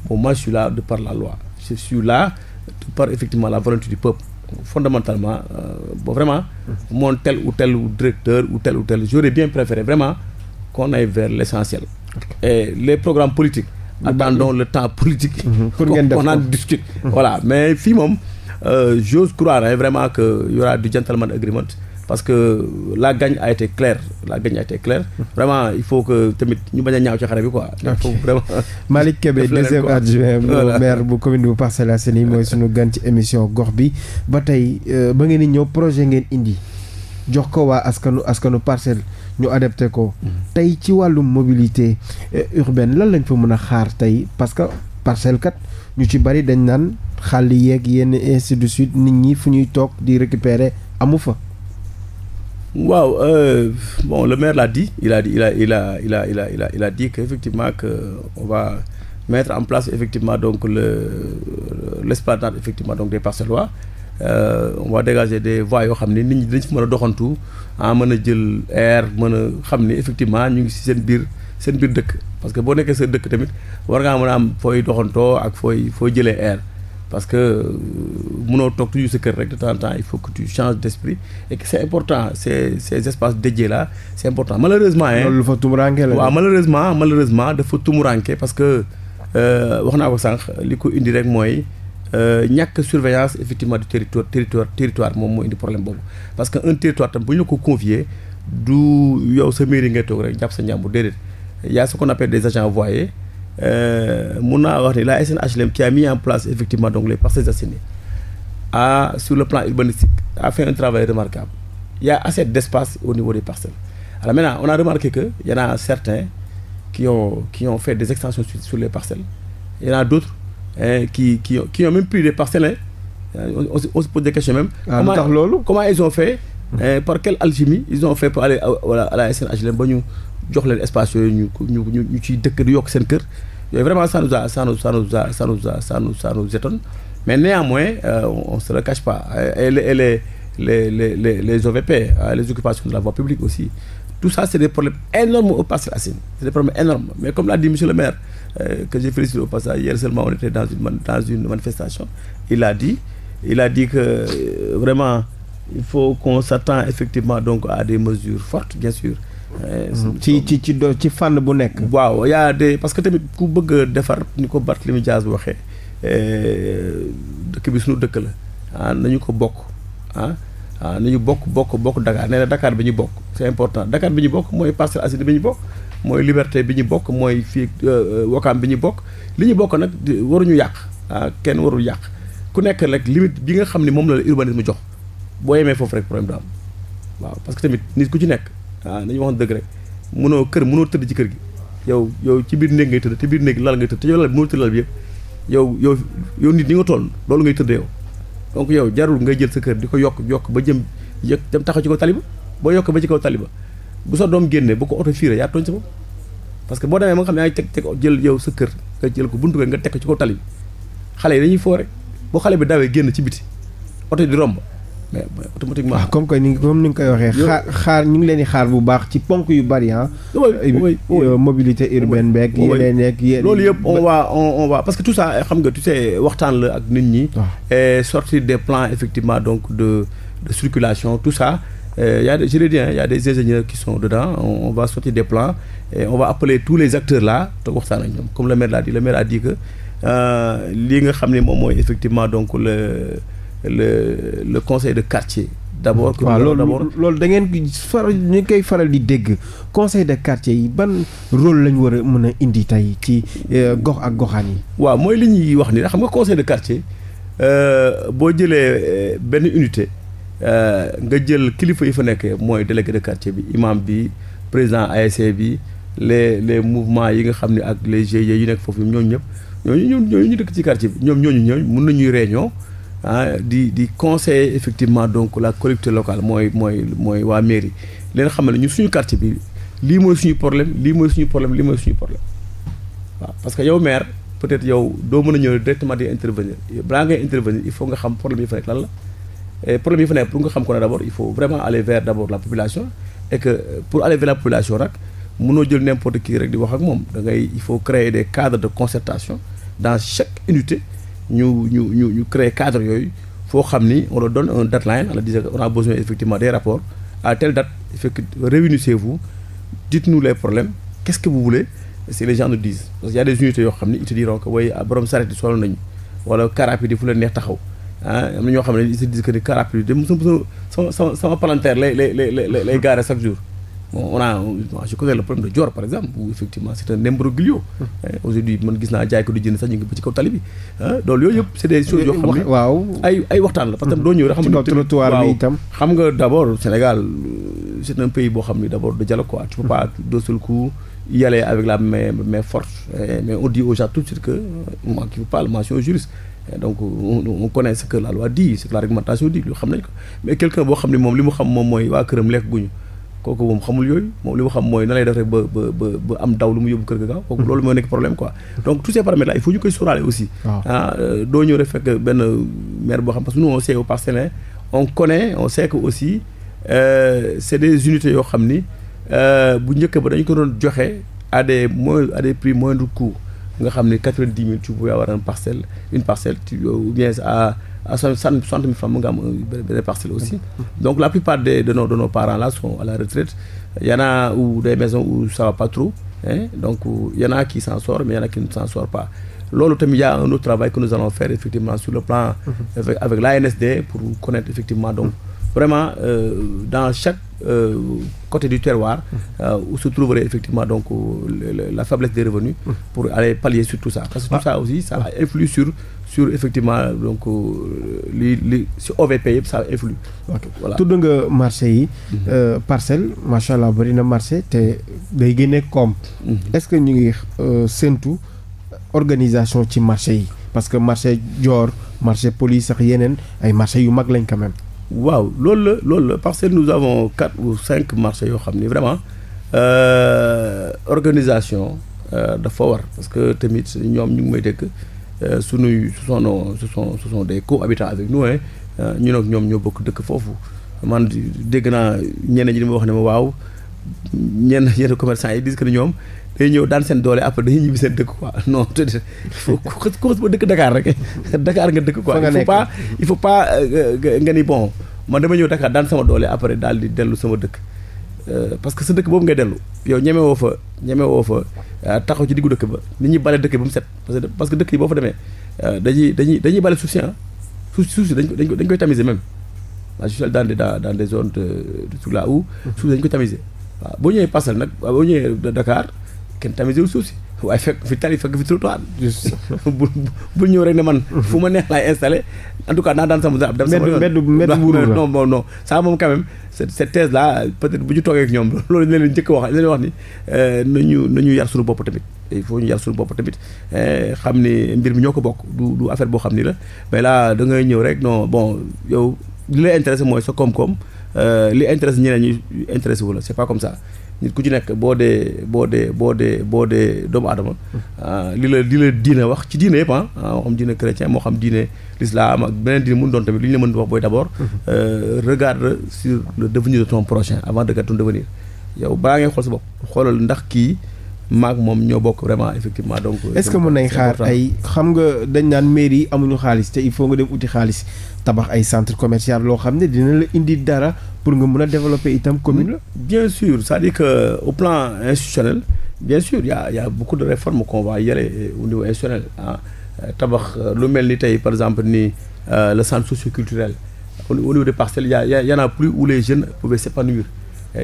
bon moi je de par la loi je suis là de par effectivement la volonté du peuple. fondamentalement euh, bon, vraiment mhm. mon tel ou tel ou directeur ou tel ou tel j'aurais bien préféré vraiment qu'on aille vers l'essentiel et les programmes politiques Mm-hmm. attendons le temps politique. Mm-hmm. pour ngeen def on voilà mais fii moom euh, j'ose croire hein, vraiment que y aura du gentleman agreement parce que la gagne a été claire la gagne a été claire mm-hmm. vraiment il faut que tamit ñu bañ a ñaaw ci xare bi quoi. il faut vraiment. Malick Kébé deuxième adjoint bu maire bu commune bu Parcelles Assainies mooy suñu gan ci émission gox bi ba tey euh, ba ngeen ñëw projet ngeen indi. jox ko waa askanu askanu parcelle ñu adapté ko. Mm. tey ci wàllum mobilité eh, urbaine lan lañ fa mën a xaar tey parce que parcelle kat ñu ci bari dañ naan xàll yeeg yenn ainsi de nit ñi fu ñuy toog di récupérer amu fa. waaw euh, bon le maire l'a di il a dit il a il a il a il a il a il a dit que effectivement que on va mettre en place effectivement donc le l'esplanade effectivement donc des Parcellois Euh, on va dégager des voies yoo xam ne nit ñi dañ si mën a doxantu ah, mën a jël air mën a xam ni effectivement ñu ngi si seen biir seen biir dëkk parce que boo nekkee sa dëkk tamit war ngaa mën a am fooy doxantoo ak fooy fooy jëlee air parce que euh, mënoo toog toujours sa kër rek de temps en temps il faut que tu changes d'esprit et que c'est important ces ces espaces dédiés là c'est important malheureusement. loolu fa tumuranke la malheureusement malheureusement dafa tumuranke parce que euh, wax naa ko sànq li ko indi rek mooy. Euh, ñàkk surveillance effectivement du territoire territoire moom moo indi problème boobu parce que un territoire tam bu ñu ko confier du yow sa mairie ngay toog rek jàpp sa njàmbur déedéet y a ce appelle des agents envoyés euh, mun naa wax ni la SNHLM qui a mis en place effectivement donc les parcelles assainies a sur le plan urbanistique a fait un travail remarquable y a assez d'espace au niveau des parcelles alors maintenant on a remarqué que y en a certains qui ont qui ont fait des extensions les parcelles il Eh, qui qui qui ont même plus de parcelles euh, on, on se pose des questions même. ah lu tax loolu comment ils ont fait. Euh, par quelle alchimie ils ont fait pour aller à, euh, voilà, à la SNHLM ba ñu jox leen espace yooyu ñu ñu ñu ñu ciy dëkk di yokk seen kër yooyu vraiment ça nous a ça nous ça nous a ça nous a ça nous ça nous étonne mais néanmoins euh, on, on se le cache pas et les et les les les les OVP euh, les occupations de la voie publique aussi tout ça c' est des problèmes énormes au Parcelles Assainies c' est mais comme l'a dit monsieur le maire euh, que j'ai félicité au passage hier seulement on était dans une manifestation il a di il a dit que euh, vraiment il faut qu'on s'attend effectivement donc à des mesures fortes bien sûr euh, mhm. ci ci ci do ci fànn bu nekk waaw yaa de parce que tamit ku bëgg defar ni ko Barthélémy Dias waxee dëkk bi suñu dëkk la ah nañu ko bokk ah. ah nañu bokk bokk bokk Dakar nee na Dakar bi ñu bokk c'est important Dakar bi ñu bokk mooy Parcelles Assainies bi ñu bokk mooy Liberté bi ñu bokk mooy fii euh, euh, Wakaam bi ñu bokk li ñu bokk nag waruñu yàq kenn warul yàq ku nekk rek limite bi nga xam ne moom la urbanisme jox boo yemee foofu rek problème du waaw parce que tamit nit ku ci nekk ah nañu waxoon dëgg rek mënoo kër mënoo tëdd ci kër gi yow yow ci biir néeg ngay tëdd te biir néeg lal ngay tëdd te yow lal mënoo tëdd yëpp yow yow yow nit ñi nga toll loolu ngay tëdd donc yow jarul ngay jël sa kër di ko yokk yokk ba jëm yëg dem taxaw ci ko taliba boo yokk ba ci kaw taliba bu sa doom génnee bu ko oto fiiree yaa tooñ sa bopp parce que boo demee ba nga xam ne yaa ngi teg teg jël yow sa kër nga jël ko buntu nga teg ko ci kaw tali bi xale yi dañuy foore boo xale bi dawee génn ci biti oto di romb mais automatiquement. comme que ni comme ni nga koy waxee. xaar xaar ñu ngi leen di xaar bu baax ci ponk yu bari ah. Euh, mobilité urbaine beeg. yeneen yeeg yeneen loolu yëpp on va on on va parce que tout ça xam nga tu sais waxtaan la ak nit ñi. et sortir des plans effectivement donc de de circulation tout ça. Euh, y a des, je l'ai dit hein, y a des ingénieurs qui sont dedans on, on va sortir des plans et on va appeler tous les acteurs là toog waxtaan ak ñoom comme le maire l'a dit le maire a dit que euh, li nga xam ne moom mooy effectivement donc le. le le conseil de quartier. d' abord waaw loolu loolu da ngeen faral ñu koy faral di dégg conseil de quartier yi ban rôle la ñu war a mën a indi tey ci euh, gox ak goxaan yi. waaw mooy li ñuy wax ni xam nga conseil de quartier euh, boo jëlee euh, benn unité nga jël kilifa yi fa nekkee mooy délégué de quartier bi imam bi président ASC bi les les mouvements yi nga xam ni ak les GIE yu nekk foofu ñooñu ñëpp ñooñu ñooñu ñu dëkk ci quartier bi ñoom ñooñu ñooñu mun nañuy réunion. ah di di conseiller effectivement donc la collectivité locale mooy mooy mooy waa mairie leen xamal ne ñu suñu quartier bi lii mooy suñu problème lii mooy suñu problème lii mooy suñu problème waaw parce que yow maire peut-être yow doo mën a ñëw directement di intervenir balaa ngay intervenir il faut nga xam problème yi fa nekk lan la et problème yi fa nekk pour nga xam ko ne d'abord il faut vraiment aller vers d'abord la population et que pour aller vers la population nag mënoo jël n'importe qui rek di wax ak moom da ngay il faut créer des cadres de concertation dans chaque unité ñu ñu ñu ñu créer cadre yooyu foo xam ni on leur donne un deadline on leur disait on a besoin effectivement des rapports à telle date effectivement réunissez-vous dites-nous les problèmes qu'est-ce que vous voulez c'est les gens nous disent parce qu'il y a des unités yoo xam ni ils te diront que waaye ah, borom nañu wala car rapide fu leen neex taxaw ah, am na ñoo xam ne ils se disent que ni car rapide sama sama palanteer lay lay lay lay gaare chaque jour bon on a je connais le problème de Dior par exemple où effectivement c' est hmm. eh, aujourd'hui man gis naa jaay ko du jënd sax ñu ngi ba ci kaw tali bi ah loolu yooyu yëpp c' eh, ay ay waxtaan hmm. xam nga d' Sénégal euh, c' pays boo xam ne d' abord de dialogue quoi. tu peux hmm. pas d'un seul coup avec la main main eh, mais on dit aux gens tout de suite que euh, moi qui vous parle moi je suis donc on, on que la loi dit ce que la réglementation dit lu xam nañ ko mais quelqu'un boo xam ne moom li mu xam moom mooy waa këram lekk guñu kooku moom xamul yooyu moom li mu xam mooy na lay def rek ba ba ba am daw lu mu yóbbu kër ga gaaw kooku hmm. loolu mooy nekk problème quoi donc tous ces paramètres là il faut ñu koy sóoraale aussi ah, euh, doo ñëw rek fekk benn maire boo xam parce que nous on parcelle on on sait que aussi euh, c'est des unités yoo xam ni euh, bu njëkk ba dañu ko doon joxe à des moins à des prix moindre coût nga xam ni quatre-vingt-dix mille tu pouvais avoir parcelle une parcelle tu ou bien à à ah, soixante mille francs mu nga am euh, benn parcelle aussi donc la plupart des de nos de nos parents là sont à la retraite y en a ou des maisons où ça pas trop donc euh, y en kii qui s'en sort mais y en a qui ne s'en sort pas loolu tamit y a un que nous allons faire effectivement sur le plan mhm. avec avec l'ANSD pour connaître effectivement donc mhm. vraiment euh, dans chaque euh, côté du terroir mhm. euh, se trouverait effectivement donc euh, le, le, la faiblesse des revenus pour aller pallier sur tout ça parce que tout ça aussi ça sur effectivement donc euh, li li si OVP yëpp ça influe. ok voilà tudd nga marché yi. Mhm. Euh, parcelle macha allah bari na marché te day génne koom. Mhm. est-ce que ñu ngi euh, séntu organisation ci marché yi parce que marché joor marché police sax yeneen ay marché yu mag lañ quand waaw loolu la loolu la parce que nous avons quatre ou cinq marchés yoo xam ni vraiment euh, organisation dafa euh, war parce que tamit ñoom ñu ngi may dëkk Euh, sunuy ce sont nos ce sont ce sont des cohabitants avec nous hein euh, ñun ak ñoom ñoo bokk dëkk foofu man dégg naa ñeneen ñi di ma wax ne ma waaw ñenn yenn commerçant yi disent que ñoom day ñëw daan seen doole après dañuy ñibbi seen dëkk quoi non te ku dëkk Dakar rek Dakar nga dëkk ko il faut pas il euh, nga ni bon man dama ñëw Dakar daan sama doole après daal di dellu sama dëkk Euh, parce que sa dëkk boobu ngay dellu yow ñeme woo fa ñeme woo fa euh, taxaw ci diggu dëkk ba nit ñi bale dëkk ba mu set parce que dëkk yi boo fa demee euh, dañuy dañuy dañuy bale suuf si ah suuf suuf dañ ko dañ koy tamiser même la je dans des dans des zones de de tout là où dañ koy tamiser waaw boo ñëwee parcelle nag boo ñëwee Dakar. kenn tamisul suuf si waaye fekk fi tali fekk fi trottoir juste bu bu ñëw rek ne man. fu ma neex laay installé en tout cas naa daan sama ab dem sama yoon mbedd mbedd mbedd non non non ça moom quand même être bu ñu toogee ak ñoom loolu la leen njëkk wax la leen wax ni euh, nañu nañu yar suñu bopp tamit il faut ñu yar suñu bopp tamit euh, xam ni mbir mi ñoo ko bokk du du affaire boo xam ni la mais là da ngay ñëw rek non bon yow li lay intéressé mooy sa koom-koom euh, li intéressé ñeneen ñi intéressé wu la c'est pas comme ça nit ku ci nekk boo dee boo dee boo dee boo dee doomu aadama ah, li la li la diina wax ci diine yëpp ah, ah moo xam diine chrétien moo xam diine l'islam ak beneen diine mun doon tamit li ñu la mën wax booy d'abord mhm. euh, regarde sur le devenir de ton prochain avant de regarder ton devenir yow baa ngay xool sa xoolal ndax kii maag moom ñoo bokk vraiment effectivement donc. Euh, est-ce que mën nañ xaar ay xam nga dañ naan mairie yi amuñu xaalis te il faut nga dem uti xaalis tabax ay centre commercial loo xam ne dina la indi dara pour nga mun a développer itam commune la. Mm, bien sûr cest dire que euh, au plan institutionnel bien sur y a y a beaucoup de réformes qu'on va y aller euh, au tabax lu mel ni tey par exemple ni le centre socioculturel au niveau des parcelles y a y en les jeunes pouvaient s'épanouir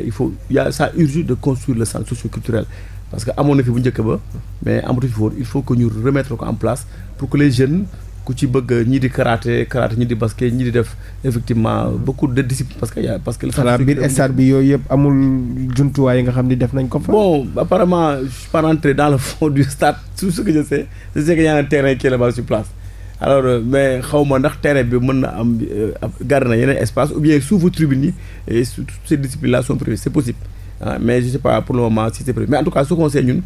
il faut a ça de construire le centre socioculturel. parce que amoon na fi bu njëkk ba mais amatu fi woon il faut que ñu remettre ko en place pour que les jeunes ku ci bëgg ñii di karaté karaté ñii di basket ñii di def effectivement beaucoup de discipline parce que y' a parce que. xanaa biir stade bi yooyu yëpp amul jumtuwaay yi nga xam ni def nañ ko fa. bon apparemment je suis pas rentré dans le fond du stade tout ce que je sais je sais que y a un terrain qui est là-bas sur place. alors euh, mais xaw ma ndax terrain bi mën na am euh, gardé na yeneen espace ou bien suufu tribune yi et toutes ces disciplines là sont prévues c' est possible. ah mais je sais pas pour le moment si c'est prévu mais en tout cas ce qu'on sait ñun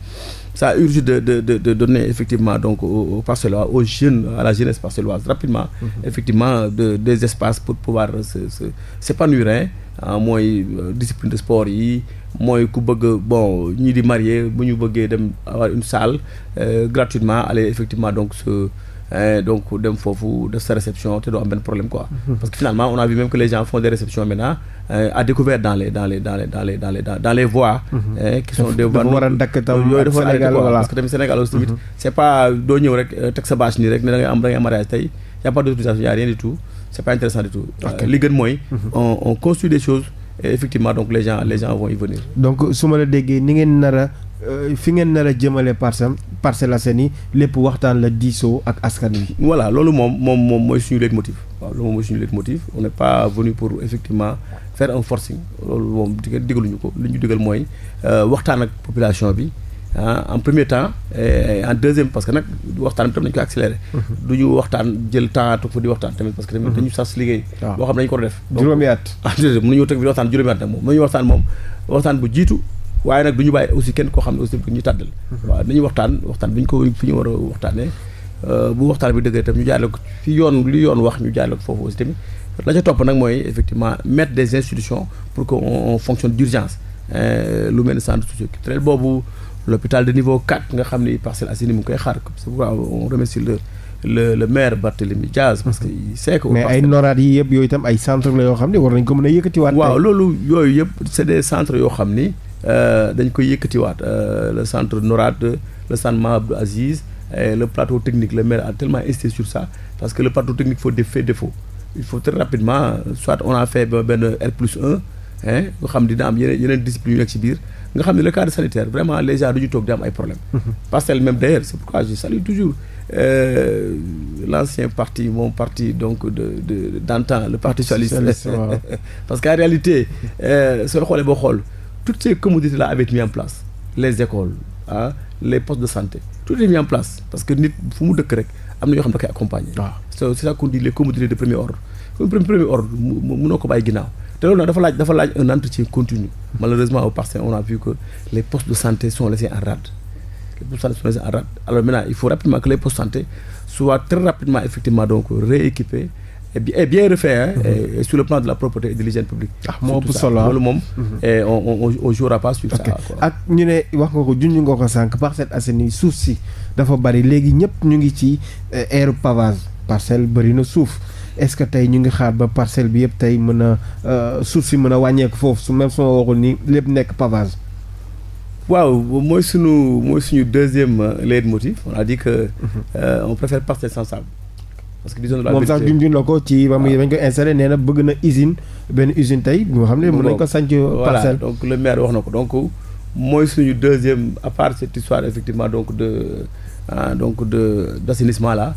ça urge de de de de effectivement donc aux Parcellois aux jeunes à jeunesse parcelloise rapidement. Mhm. effectivement de des espaces pour pouvoir se se s'épanouir ah, mooy euh, discipline de sport yi. mooy ku bëgg bon ñii di marier bu ñu bëggee dem avoir une salle euh, gratuitement aller effectivement donc Eh, donc dem foofu def sa réception te doo am benn problème quoi. Mhm. parce que finalement on a vu même que les gens font des réceptions maintenant eh, à découvert dans les dans les dans les dans les dans les dans les voies. Mhm. Eh, qui sont des voies war a dakk taw yooyu dafa Sénégal parce que tamit Sénégal aussi tamit mhm. c' est pas doo ñëw rek teg sa bâche nii rek ne da ngay am da ngay am mariage tey y' a pas d' autorisation y' a rien du tout c' est pas intéressant du tout. Euh, li gën mooy. on on construit des choses et effectivement donc les gens les gens vont y venir. donc su ma la déggee ni ngeen nar a Euh, fi ngeen nar a jëmale parcelle Parcelles Assainies lépp waxtaan la diisoo ak askan wi. voilà loolu moom moom moom mooy suñu leitmotiv waaw loolu moom mooy suñu leitmotiv on pour effectivement faire un forcing loolu moom digal ko li ñu digal mooy euh, waxtaan ak population bi. Ah, en premier temps et en deuxième parce que nag waxtaan bi dañu mhm. ñu waxtaan jël temps toog fa di waxtaan tamit parce que tamit mhm. dañu ah, waxtaan moom waxtaan bu jiitu. waaye nag du ñu bàyyi aussi kenn ko xam ne aussi ñu tàddal waaw nañu waxtaan waxtaan bi ñu ko fi ñu war a waxtaanee euh, bu waxtaan bi dëggee tam ñu jaarale ko fi yoon li yoon wax ñu jaarale ko foofu aussi tamit la ca topp nag mooy effectivement mettre des institutions pour que on fonctionne d'urgence euh, lu mel ni centre socioculturel boobu l'hôpital de niveau 4 nga xam ni Parcelles Assainies mu koy xaar c'est pourquoi on remercie que ay noraat yi yëpp yooyu itam ay centre la yoo xam ne war nañ ko mën a yëkkatiwaat waaw loolu yooyu yëpp c'est des centres yoo xam ni Euh, dañ koy waat euh, le centre NORAD le centre Mame Abdou Aziz le plateau technique le maire a tellement insisté sur ça parce que le plateau technique faut def fait défaut il faut très rapidement soit on a fait benn R plus un nga xam dina am yeneen yeneen discipline yu nekk biir nga xam ne le cadre sanitaire vraiment les gens duñu toog di am ay problèmes. Mhm. Pastel même d'ailleurs c'est pourquoi je salue toujours euh, parti mon parti donc de de d'antan le parti socialiste parce qu'en réalité sooy xoolee boo xool toutes ces commodités là avaient été mises place les écoles les postes de santé tout était mis en place parce que nit fu mu dëkk rek am na yoo xam ne da koy accompagner. waaw ah. c'est ça qu'on dit les commodités de premier ordre. premier ordre munoo ko bàyyi ginnaaw te loolu nag dafa laaj dafa laaj un entretien continu malheureusement au Parcelles que les postes de santé sont laissés en rade les postes de santé sont laissés en rade alors maintenant il faut rapidement que est bien refait hein, mmh. sur le plan de la propreté et de l'hygiène publique. Ah, moo ëpp solo moom. Mhm. on on jouera pas sur ça. ak ñu ne wax nga ko junj nga ko sànq Parcelles Assainies suuf si dafa bari léegi ñëpp ñu ngi ci eh, aéro pavage parcelle bari na suuf. est-ce que tey ñu ngi xaar ba parcelle bi yëpp tey mën a euh, suuf si mën a wàññeeku foofu su même suma waxul nii lépp nekk pavage. waaw mooy sunu mooy suñu deuxième euh, leitmotiv on a dit que. Mhm. Euh, on préfère parcelle sans parce que vision de la moom sax junjun la ko ci ba muy bañ ko installé nee na bëgg na usine benn usine tey bu nga xam ne mën nañ ko sànc parcelle donc le maire wax na ko donc mooy suñu deuxième à part cette histoire effectivement donc de ah donc de d' assainissement là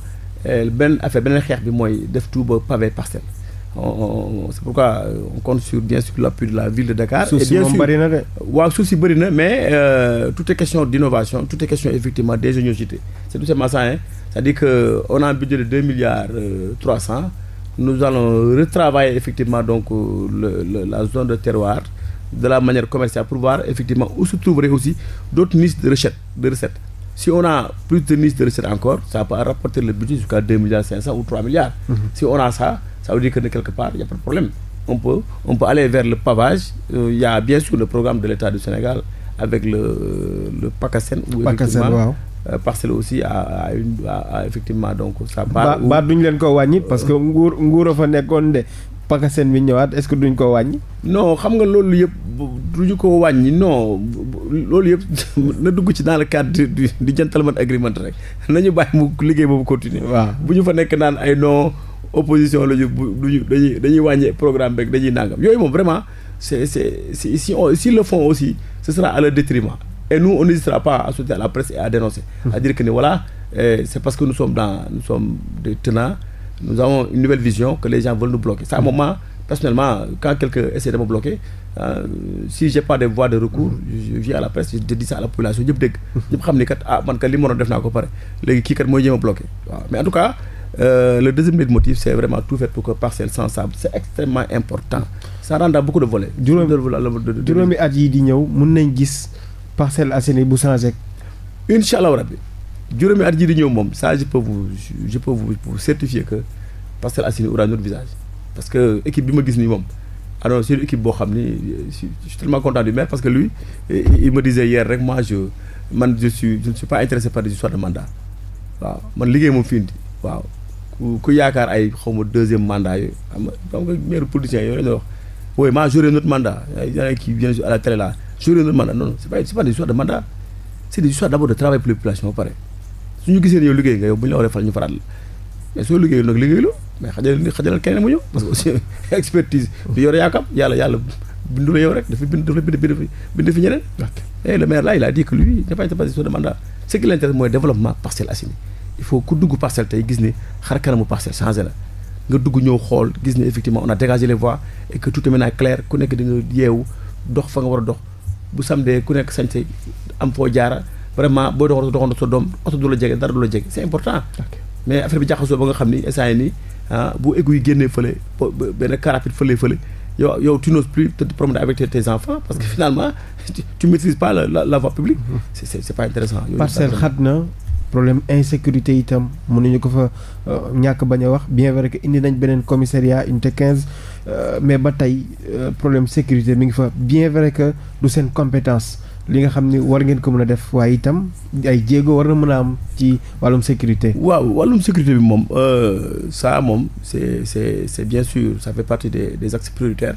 benn affaire beneen xeex bi mooy def tout ba pavé parcelle c' pourquoi euh, on compte sur bien sûr l'appui de la ville de Dakar. suuf si moom na de. waaw suuf si bëri na mais euh, tout est question d' innovation tout question effectivement d'ingéniosité c' est tout simplement ça c'est-à-dire que on a un budget de deux milliards euh, trois cents nous allons retravailler effectivement donc euh, le, le, la zone de terroir de la manière commerciale pour voir effectivement où se trouveraient aussi d'autres niches de recettes de recettes si on a plus de niches de recettes encore ça peut rapporter le budget jusqu'à deux milliards cinq cents ou trois milliards mhm. si on a ça ça veut dire que de quelque part il n'y a pas de problème on peut aller vers le pavage euh, a bien sûr le programme de l'État du Sénégal avec le le Euh, parcelle aussi à a à effectivement donc. sa part ba duñ leen ko wàññi euh, parce que nguur nguur a fa nekkoon de pakaseen bi ñëwaat est-ce que duñ ko wàññi. no xam nga loolu yëpp duñu ko wàññi non loolu yëpp na dugg ci dans le cadre du du gentleman agreement rek nañu bàyyi mu liggéey boobu continuer. waaw bu ñu fa nekk naan ay non opposition la ñu bu dañuy dañuy wàññi programme rek dañuy nangam yooyu moom vraiment c'est c'est si si on si le font aussi ce sera à leur détriment. Et nous, on n'hésitera pas à sauter à la presse et à dénoncer. Mmh. À dire que voilà, eh, c'est parce que nous sommes, dans, nous sommes des tenants, nous avons une nouvelle vision que les gens veulent nous bloquer. C'est un mmh. moment, personnellement, quand quelqu'un essaie de me bloquer, euh, si j'ai pas de voie de recours, mmh. je, je viens à la presse, je dis ça à la population. ñëpp dégg mmh. ñëpp xam ne kat ah man kat li ma doon def naa ko pare léegi kii kat mooy jéem a bloqué waaw mais en tout cas. Euh, le deuxième motif c'est vraiment tout fait pour que parcelle sans sable c'est extrêmement important ça rend beaucoup de volets. juróomi juróomi at yi di ñëw mun nañ gis. Parcelles Assainies bu changé incha allahu rabbi juróomi ji ñëw moom ça je peux vous je que Parcelles Assainies aura notre visage parce que équipe bi ma gis nii moom alors c'est une équipe boo xam ni je suis content du maire parce que lui il me disait hier rek ma je man je suis pas intéressé par des histoires de mandat waaw man liggéey moom fi indi waaw ku yaakaar ay xaw ma deuxième mandat yooyu xam nga maire politicien yooyu la wax oui moi j'aurai notre mandat y en a qui viennent à la télé là jouer le mandat non non c'est pas c'est pas des histoires de mandat c'est des histoires d'abord de travail pour les populations ba pare suñu gisee ne yow liggéey nga yow bu ñu la war a fal ñu faraat la mais soo liggéeyul nag liggéeyu la mais xajal xajalal keneen mu ñëw parce que aussi expertise bi yore yaakam yàlla yàlla bindu la yow rek dafa bind dafa bind bind fi ñeneen et le maire là il a dit que lui dafa pas des histoires de mandat ce qui l'intéresse mooy développement parcelle assainies il faut ku dugg parcelle tey gis ne xar kanamu parcelle changé na nga dugg ñëw xool gis ne effectivement on a dégagé les voies et que tout est maintenant clair ku nekk di nga yeewu dox fa nga war a dox bu samdee ku nekk sañse am foo jaara vraiment boo doxoon doxoon sa doom oto du la jege dara du la jege c'est important mais affaire bi jaxasoo ba nga xam ni instant yi nii ah, bu égout yi génnee fële benn car rapide fële fële yow yow tu plus te promener avec tes enfants parce que finalement tu maîtrises pas la la voie mm-hmm. c'est pas intéressant parcelle xat na problème insécurité itam mënuñu ko fa euh, ñàkk bañ a wax bien vrai que indi nañ beneen commissariat unité 15 euh, mais ba tey euh, problème sécurité mi ngi fa bien vrai que du seen compétence li nga xam ni war ngeen ko mën a def waaye itam ay jéego war na mën a am ci wàllum sécurité. waaw wàllum sécurité bi moom saa moom c'est c'est c'est bien sûr sa fait partie des des axes prioritaires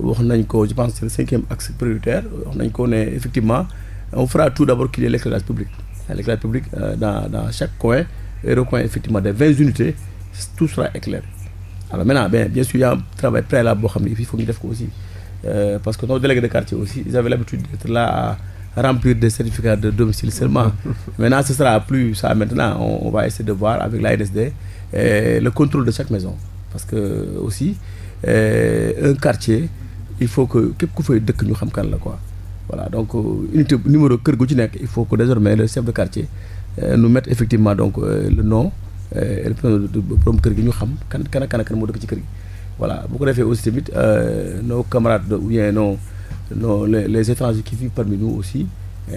wax nañ ko je pense c'est le cinquième axe prioritaire wax nañ ko ne effectivement on fera tout d'abord qu'il y ait l'éclairage avec la République euh, dans, chaque coin et recoin effectivement de vingt unités tout sera éclairé alors maintenant bien bien sûr il y a un boo xam ne il faut ñu def ko aussi euh, parce que nos délégués de quartier aussi ils avaient l'habitude de là à remplir des certificats de domicile seulement maintenant ce sera plus ça maintenant on, va essayer de voir avec l'ANSD et le contrôle de chaque maison parce que aussi euh, un quartier il faut que kép ku fay dëkk ñu xam kan la quoi voilà donc euh, unité numéro kër gu ci nekk il faut que désormais le chef de quartier euh, nous mette effectivement donc euh, le nom et le kër gi ñu xam kan kan ak kan ak kan moo dëkk ci kër gi voilà bu ko defee aussi tamit nos camarades ou bien nos les les étrangers qui vivent parmi nous aussi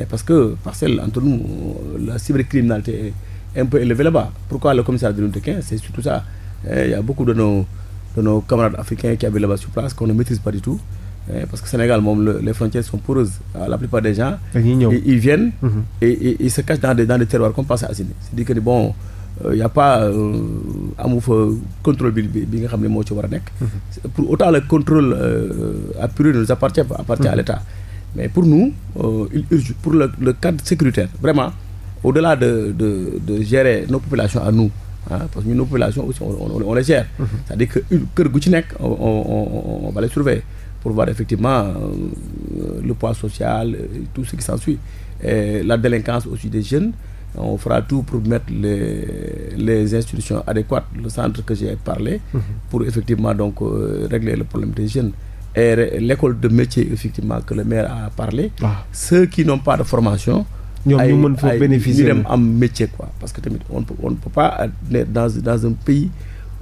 parce que parcelle entre nous la cybercriminalité est un peu élevée là-bas pourquoi le commissariat de l'unité 15 c'est surtout ça il y a beaucoup de nos de nos camarades africains Euh, parce que Sénégal moom le, les frontières sont poreuses la plupart des gens. dañuy ñëw ils viennent. Mm -hmm. et, et ils se cachent dans des terroirs comme Passe Asine cest dire que bon euh, y a pas euh, amu fa contrôle bi bi nga xam ne moo ci war a nekk. Mhm. pour autant le contrôle à priori nous appartient appartient à mhm. l'État mais pour nous il urge pour le le cadre sécuritaire vraiment au-delà de de de gérer nos populations à nous. ah parce que ñun nos populations aussi on, les gère. Mm dire que kër gu ci nekk on on on va les surveiller. pour voir effectivement euh, euh, le poids social, tout ce qui s'ensuit. La délinquance aussi des jeunes. On fera tout pour mettre les, les institutions adéquates, le centre que j'ai parlé, mhm. pour effectivement donc euh, régler le problème des jeunes et l'école de métier effectivement que le maire a parlé ah. qui n'ont pas de formation ñoom ñu mën foofu bénéficier am métier parce que tamit on on ne peut pas être dans un pays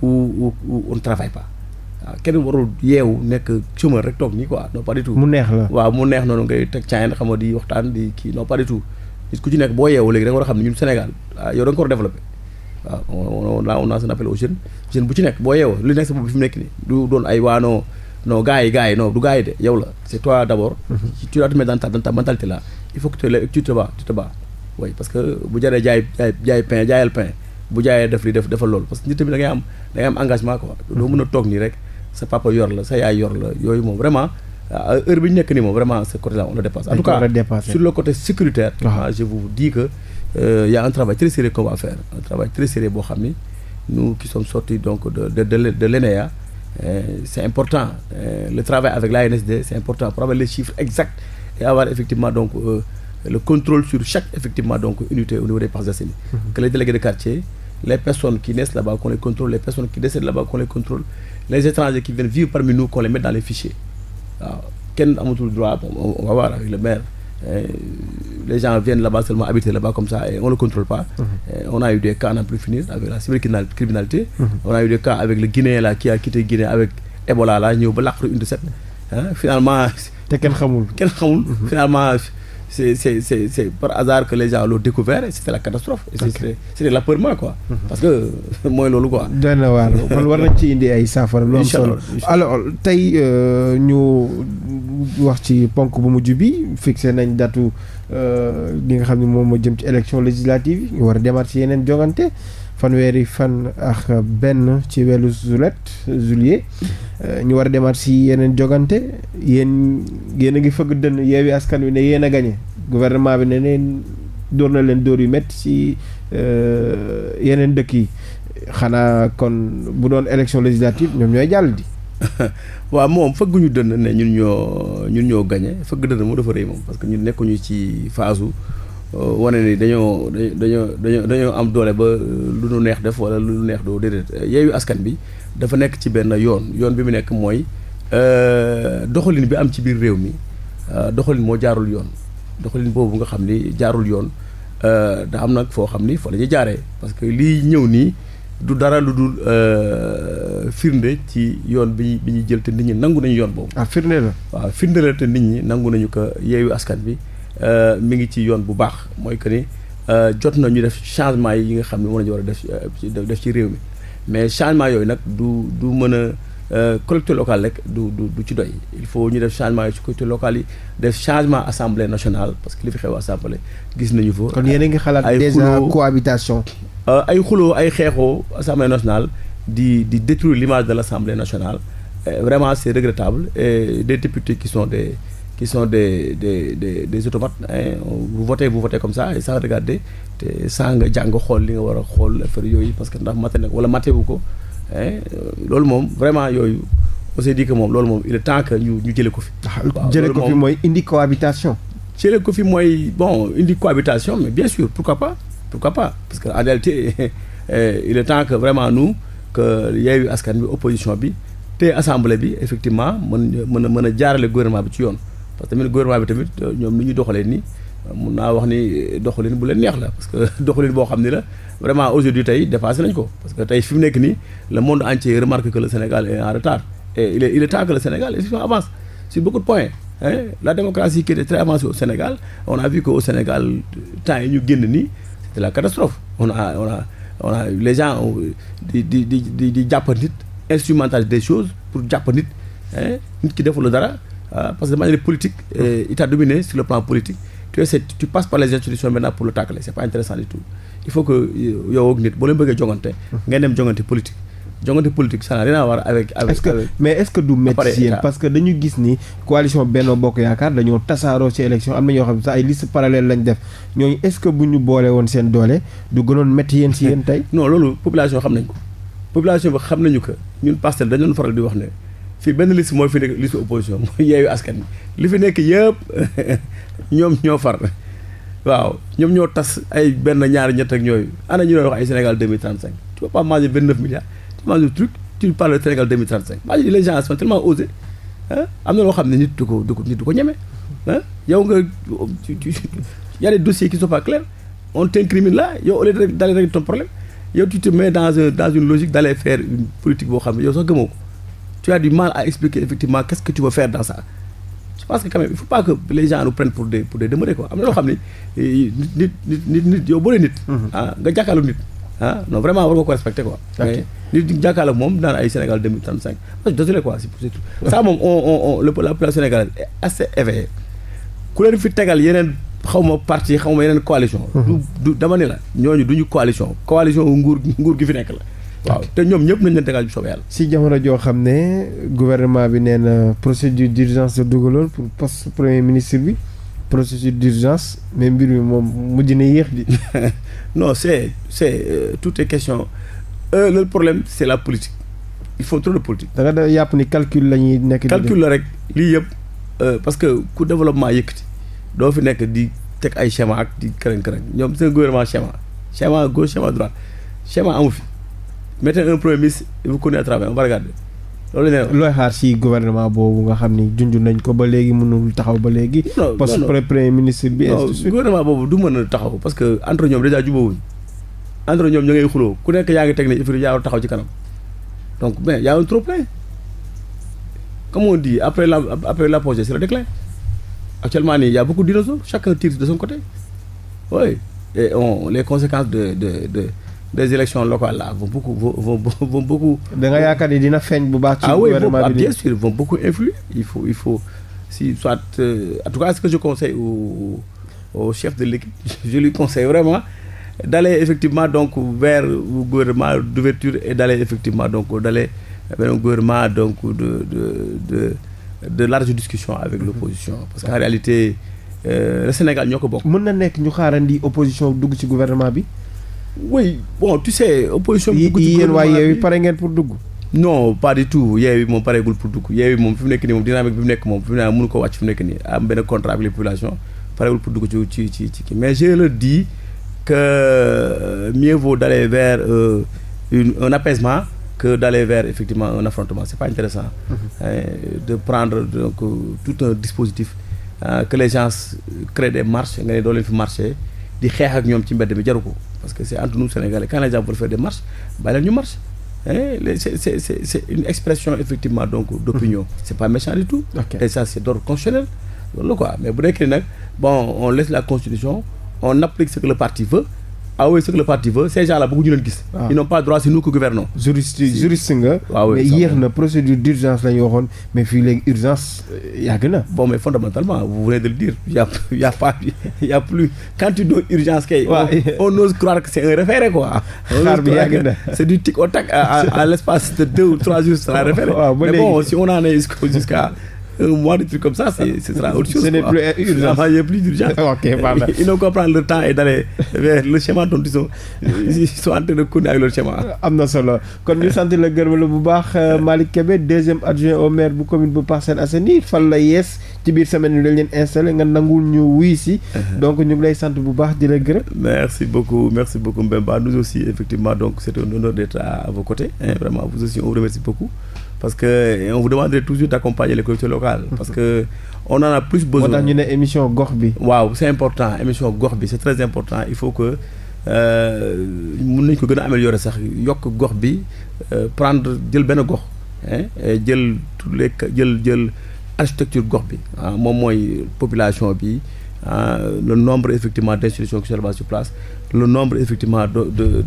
où, où, où on ne travaille pas waaw ah, kenn warul yeewu nekk chômeur rek toog nii quoi non pas du tout. mu neex na waaw mu neex noonu ngay teg caa xam nga di waxtaan di kii non pas du tout nit nekk boo yeewu léegi da nga war a xam ne ñun Sénégal ah, yow da nga ko bu ci nekk boo yeewoo li nekk sa bopp fi mu nekk nii du doon ay waanoo non gars yi gars yi non du gars de yow la c' est toi d' abord. Mhm. tu dois te mettre dans ta jaay jaay jaay pain jaayal bu jaayee def li def defal loolu parce que nit tamit da ngay am da ngay am engagement quoi. doo mën a toog nii rek. sa papa yor la sa yaay yor la yooyu moom vraiment euh, heure bi ñu nekk nii moom vraiment ce côté là on le dépasse. en tout sur le côté sécuritaire. Ah. ah euh, un travail très sérieux qu'on travail boo xam ni nous qui sommes sortis donc de de de de l'ENEA euh, c'est important euh, le travail avec l'ANSD c'est important pour avoir les chiffres exacts et effectivement donc euh, le contrôle sur chaque effectivement donc unité au niveau des Parcelles Assainies mm-hmm. que les délégués de quartier les personnes les étrangers qui viennent vivre parmi nous qu'on les mette dans les fichiers waaw kenn amatul droit on va avec le maire les gens viennent là-bas seulement habiter là-bas comme ça on le contrôle pas. Mhm. on a eu des cas n'en plus finir avec la cybercriminalité. Mmh. on a eu des cas avec le Guinéen là qui a quitté Guinée avec Ebola là ñëw ba làqatu une de sept. finalement. te kenn xamul kenn xamul. Mhm. finalement c'est c'est c'est c'est par hasard que les gens l'ont découvert et c'était la catastrophe et c'était c'était l'appeurement quoi mhm. parce que mooy loolu quoi doy na waar kon war nañ ci indi ay saafara lu am solo alors tey euh, ñu wax ci ponk bu mujj bi fixé nañ datu li euh, nga xam ni moom moo jëm ci élection législative yi war a ci yeneen jongante fanweeri fan ak benn ci welu juillet juillet euh, ñu war a demaat si yeneen jogante yéen yéen a ngi fëgg dënn yeewi askan wi ne yéen a gañe gouvernement bi ne neen dóor na leen dóor yu métti ci euh, yeneen dëkk yi xanaa kon bu doon élection législative ñoom ñooy jàll di waaw moom fëgg ñu dënn ne ñun ñoo ñun ñoo gañe fëgg dënn moo dafa rëy moom parce que ñun nekkuñu ci phase wane ni dañoo dañoo dañoo dañoo am doole ba lu nu neex def wala lu neex doo déedéet yeewu askan bi dafa nekk ci benn yoon yoon bi mu nekk mooy euh, doxalin bi am ci biir réew mi euh, doxalin moo jaarul yoon doxalin boobu nga xam ni jaarul yoon euh, da am nag foo xam ni fa la ñuy jaaree parce que lii ñëw nii du dara lu dul firnde ci yoon bi bi ñuy jël te nit ñi nangu nañu yoon boobu. ah firnde la. waaw firnde la te nit ñi nangu nañu ko yeewu askan bi. Euh, mi ngi ci yoon bu baax mooy que ni euh, jot na ñu def changement yi nga xam ne moom la ñu war a def euh, def ci réew mi mais changement yooyu nag du du mën a collectivité local rek du du du ci doy il faut ñu def changement yi ci collectivité locale yi def changement assemblée nationale parce que li fi xew assemblée gis nañu fa. kon yéen a ngi xalaat déjà cohabitation. ay xuloo ay xeexoo assemblée nationale di di détruire l'image de l'assemblée nationale vraiment c'est regrettable et des députés qui sont des. qui sont des des des des automates vous votez vous votez comme ça et sans regarder te sans nga jàng xool li nga war a xool affaire yooyu parce que ndax mate na ko wala matewu ko loolu moom vraiment yooyu on s'est dit que moom loolu moom il est temps que ñu ñu jële ko fi. Ah, waaw jële ko fi mooy indi cohabitation. jële ko fi mooy bon indi cohabitation mais bien sûr pourquoi pas pourquoi pas parce que en réalité eh, il est temps que vraiment nous que Yewwi Askan Wi opposition bi te assemblée bi effectivement mën mën a mën a jaarale gouvernement bi ci yoon. parce que tamit gouvernement bi tamit euh, ñoom ni ñu doxalee ni euh, mun naa wax ni euh, doxalin bu leen neex la parce que doxalin boo xam ni la vraiment aujourd'hui tey dépassé nañ ko parce que tey fi mu nekk nii le monde entier remarque que le Sénégal est en retard et il est il est temps que le Sénégal avance sur beaucoup de la démocratie qui était très avancée au Sénégal on a que au Sénégal temps yi ñu génn nii c'était la catastrophe on a on a on a di di di di jàpp nit instrumentalise des choses pour jàpp nit nit ki deful dara ah parce que de manière politique il euh, hmm. t'a dominé sur le plan politique tu du tout il faut que euh, yow ak nit boo leen bëggee jongante hmm. ngeen dem jongante parce que dañu gis ni coalition Benno Bokk Yaakaar dañoo tasaaroo ci élection am na ñoo xam ne sax ay liste parallèle lañ def ñooñu est-ce bu ñu boole woon seen doole du gënoon métti yéen si yéen tey non loolu population xam nañu ko que ñun Pastef dañu doon faral di wax ne fii benn liste mooy fi nekk liste opposition mooy yeewu askan li fi nekk yëpp ñoom ñoo far waaw ñoom ñoo tas ay benn ñaari ñett ak ñooyu ana ñu doon wax ay Sénégal deux mille trente cinq tu manger vingt neuf milliards tu manges le truc de Sénégal deux mille trente cinq manger les gens sont tellement osés am na loo xam ne nit du ko du ko nit du ko ñeme yow nga y a des dossiers qui sont pas clairs on t'incrimine là yow au lieu d'aller régler ton problème yow tu te mets dans un dans une logique d'aller faire une boo xam ne yow sax tu as du mal à expliquer effectivement qu'est-ce que tu veux faire dans ça je pense que quand même il faut pas que moom daan ay Sénégal 2035 parce que désolé quoi c'est moom on on la population sénégalaise est assez éveillée ku leen fi tegal yeneen xaw parti xaw yeneen coalition mhm. du dama ne la ñooñu duñu coalition coalition nguur nguur gi fi nekk la waaw te ñoom ñëpp nañ leen tegal bu soobee yàlla. si jamono joo xam ne gouvernement bi nee na procédure d' urgence la dugaloon pour poste premier ministre bi procédure d' mais mbir mi moom mujj na yéex bi. non c' est c' est euh, tout est question euh, le problème c' est la politique il faut trop de politique. da nga yàpp ni calcul la ñuy nekk. calcul la rek lii yëpp euh, parce que ku développement yëkkati doo fi nekk di teg ay schéma ak di kërën kërën ñoom seen gouvernement schéma schéma gauche schéma amu fi. mettez un premier ministre vous connaissez à travers loolu la looy xaar si gouvernement boobu nga xam ni junj nañ ko ba léegi mënul taxaw ba léegi. non parce que premier ministre bi. est gouvernement boobu du mën a taxaw parce que entre ñoom déjà jubóowuñ entre ñoom ña ngay xuloo ku nekk yaa ngi teg ne il faut yaa war taxaw ci kanam donc mais y a un trop plein comme on dit après la après l'apogée c'est le déclin nii y a beaucoup de dinosaures chacun tire de son on les conséquences de de. des élections locales là vont beaucoup vont vont beaucoup. da nga yaakaar ni dina feeñ bu baax. ci ah gouvernement bi ah, bien sûr vont beaucoup influer il faut il faut si soit euh, en tout cas ce que je conseille au chef de l'équipe je lui conseille vraiment d'aller effectivement donc vers gouvernement d'ouverture et d'aller effectivement donc d'aller vers donc de de de de large discussion avec mhm. l'opposition parce qu'en réalité euh, le Sénégal ñoo ko bokk. mën na nekk ñu xaarandi opposition dugg ci gouvernement bi. oui bon tu sais opposition bi. dugg ci yéen waaye yeewi pare ngeen pour dugg. no pas du tout yeewi moom pareegul pour dugg yeewi moom fi mu nekk nii moom dynamique bi mu nekk moom fi mu nekk mënu ko wàcc fi mu nekk nii am benn contrat avec les populations pareegul pour dugg ci ci ci kii mais je le dis que mieux vaut d'aller vers euh, une un apaisement. que d'aller vers effectivement un affrontement c'est pas intéressant mm-hmm. de prendre donc euh, tout un dispositif euh, que les gens créent des marches nga ne fi marché di xeex ak ñoom ci mbedd mi jaru ko parce que c'est entre nous Sénégalais quand les gens faire des marches bàyyi leen ñu marche eh, c'est c'est une expression effectivement donc d'opinion mm-hmm. c'est pas méchant du tout et ça c'est d'ordre constitutionnel loolu quoi mais bu nekkee nag bon on laisse la constitution on applique ce que le parti veut ah oui ce que le parti veut ces gens là bëgguñu leen gis. Ah. ils n'ont pas droit si nous que gouvernons. juriste juriste nga. waaw ah mais yéex na procédure d' urgence la ñu waxoon mais fii léegi urgence euh, yàgg na. bon mais fondamentalement vous venez de le dire y' a y' a pas y' a plus quand urgence kay. on ose croire que c' un référé quoi. Ah, xaar bi yàgg na c' du tic au à à de deux ou trois jours. c' est référé mais bon si on en est jusqu'à un mois de truc comme ça c'est ce sera autre chose ce n'est plus urgent il n'y a plus d'urgence ok pardon ils temps et d'aller le schéma dont ils sont ils sont en train de courir avec am na solo kon ñu sant la gërëm la bu baax euh, Malick Kébé deuxième adjoint au maire bu commune bu Parcelles Assainies fan la yees ci biir semaine bi lañ leen installé nga nangul ñu wuy si uh-huh. donc ñu ngi lay sant bu baax di la gërëm merci beaucoup merci beaucoup Mbemba nous aussi effectivement donc c'est un honneur d'être à vos côtés parce que on vous demanderait toujours d'accompagner les collectivités locales. parce que on naa a plus besoin. moo tax ñu ne émission gox bi. waaw c'est important émission gox bi c'est très important il faut que. Euh, mën nañ ko gën a améliorer sax yokk gox bi euh, prendre jël benn gox jël tous les jël jël architecture gox bi ah, moom mooy population bi ah le nombre effectivement d'institutions qui sont là-bas sur place le nombre effectivement de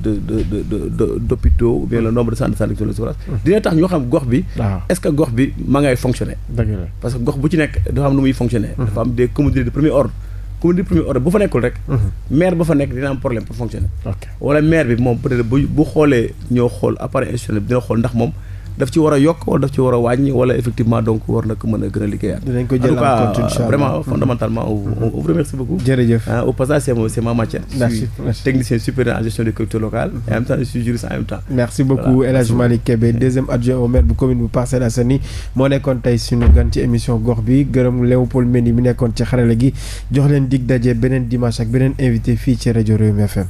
ou bien le nombre de centres de hmm. dina tax ñoo xam gox bi. Ah. est-ce que gox bi ma ngay fonctionner. parce que gox bu ci nekk dafa am nu muy fonctionner. Hmm. dafa am des communautés de premier ordre. communauté de premier ordre bu fa nekkul rek. Hmm. maire ba fa nekk dina am problème pour fonctionner. wala maire bi moom peut bu bu xoolee ñoo xool appareil institutionnel bi dina xool ndax moom. daf ci war a yokk wala daf ci war a wàññi wala effectivement donc war na ko mën a gën a liggéeyaat. dinañ ko jël en compte incha allah vraiment fondamentalement on vous remercie beaucoup. jërëjëf au passage c'est c'est ma matière. merci merci technicien supérieur en gestion des collectivités locales. et en deuxième adjoint au bu commune bu Parcelles Assainies moo nekkoon tey suñu gan ci émission gox bi gërëm Léopold Mendy mi nekkoon ci xarala gi jox leen dig daje beneen dimanche ak beneen invité fii ci rajo Rewmi FM.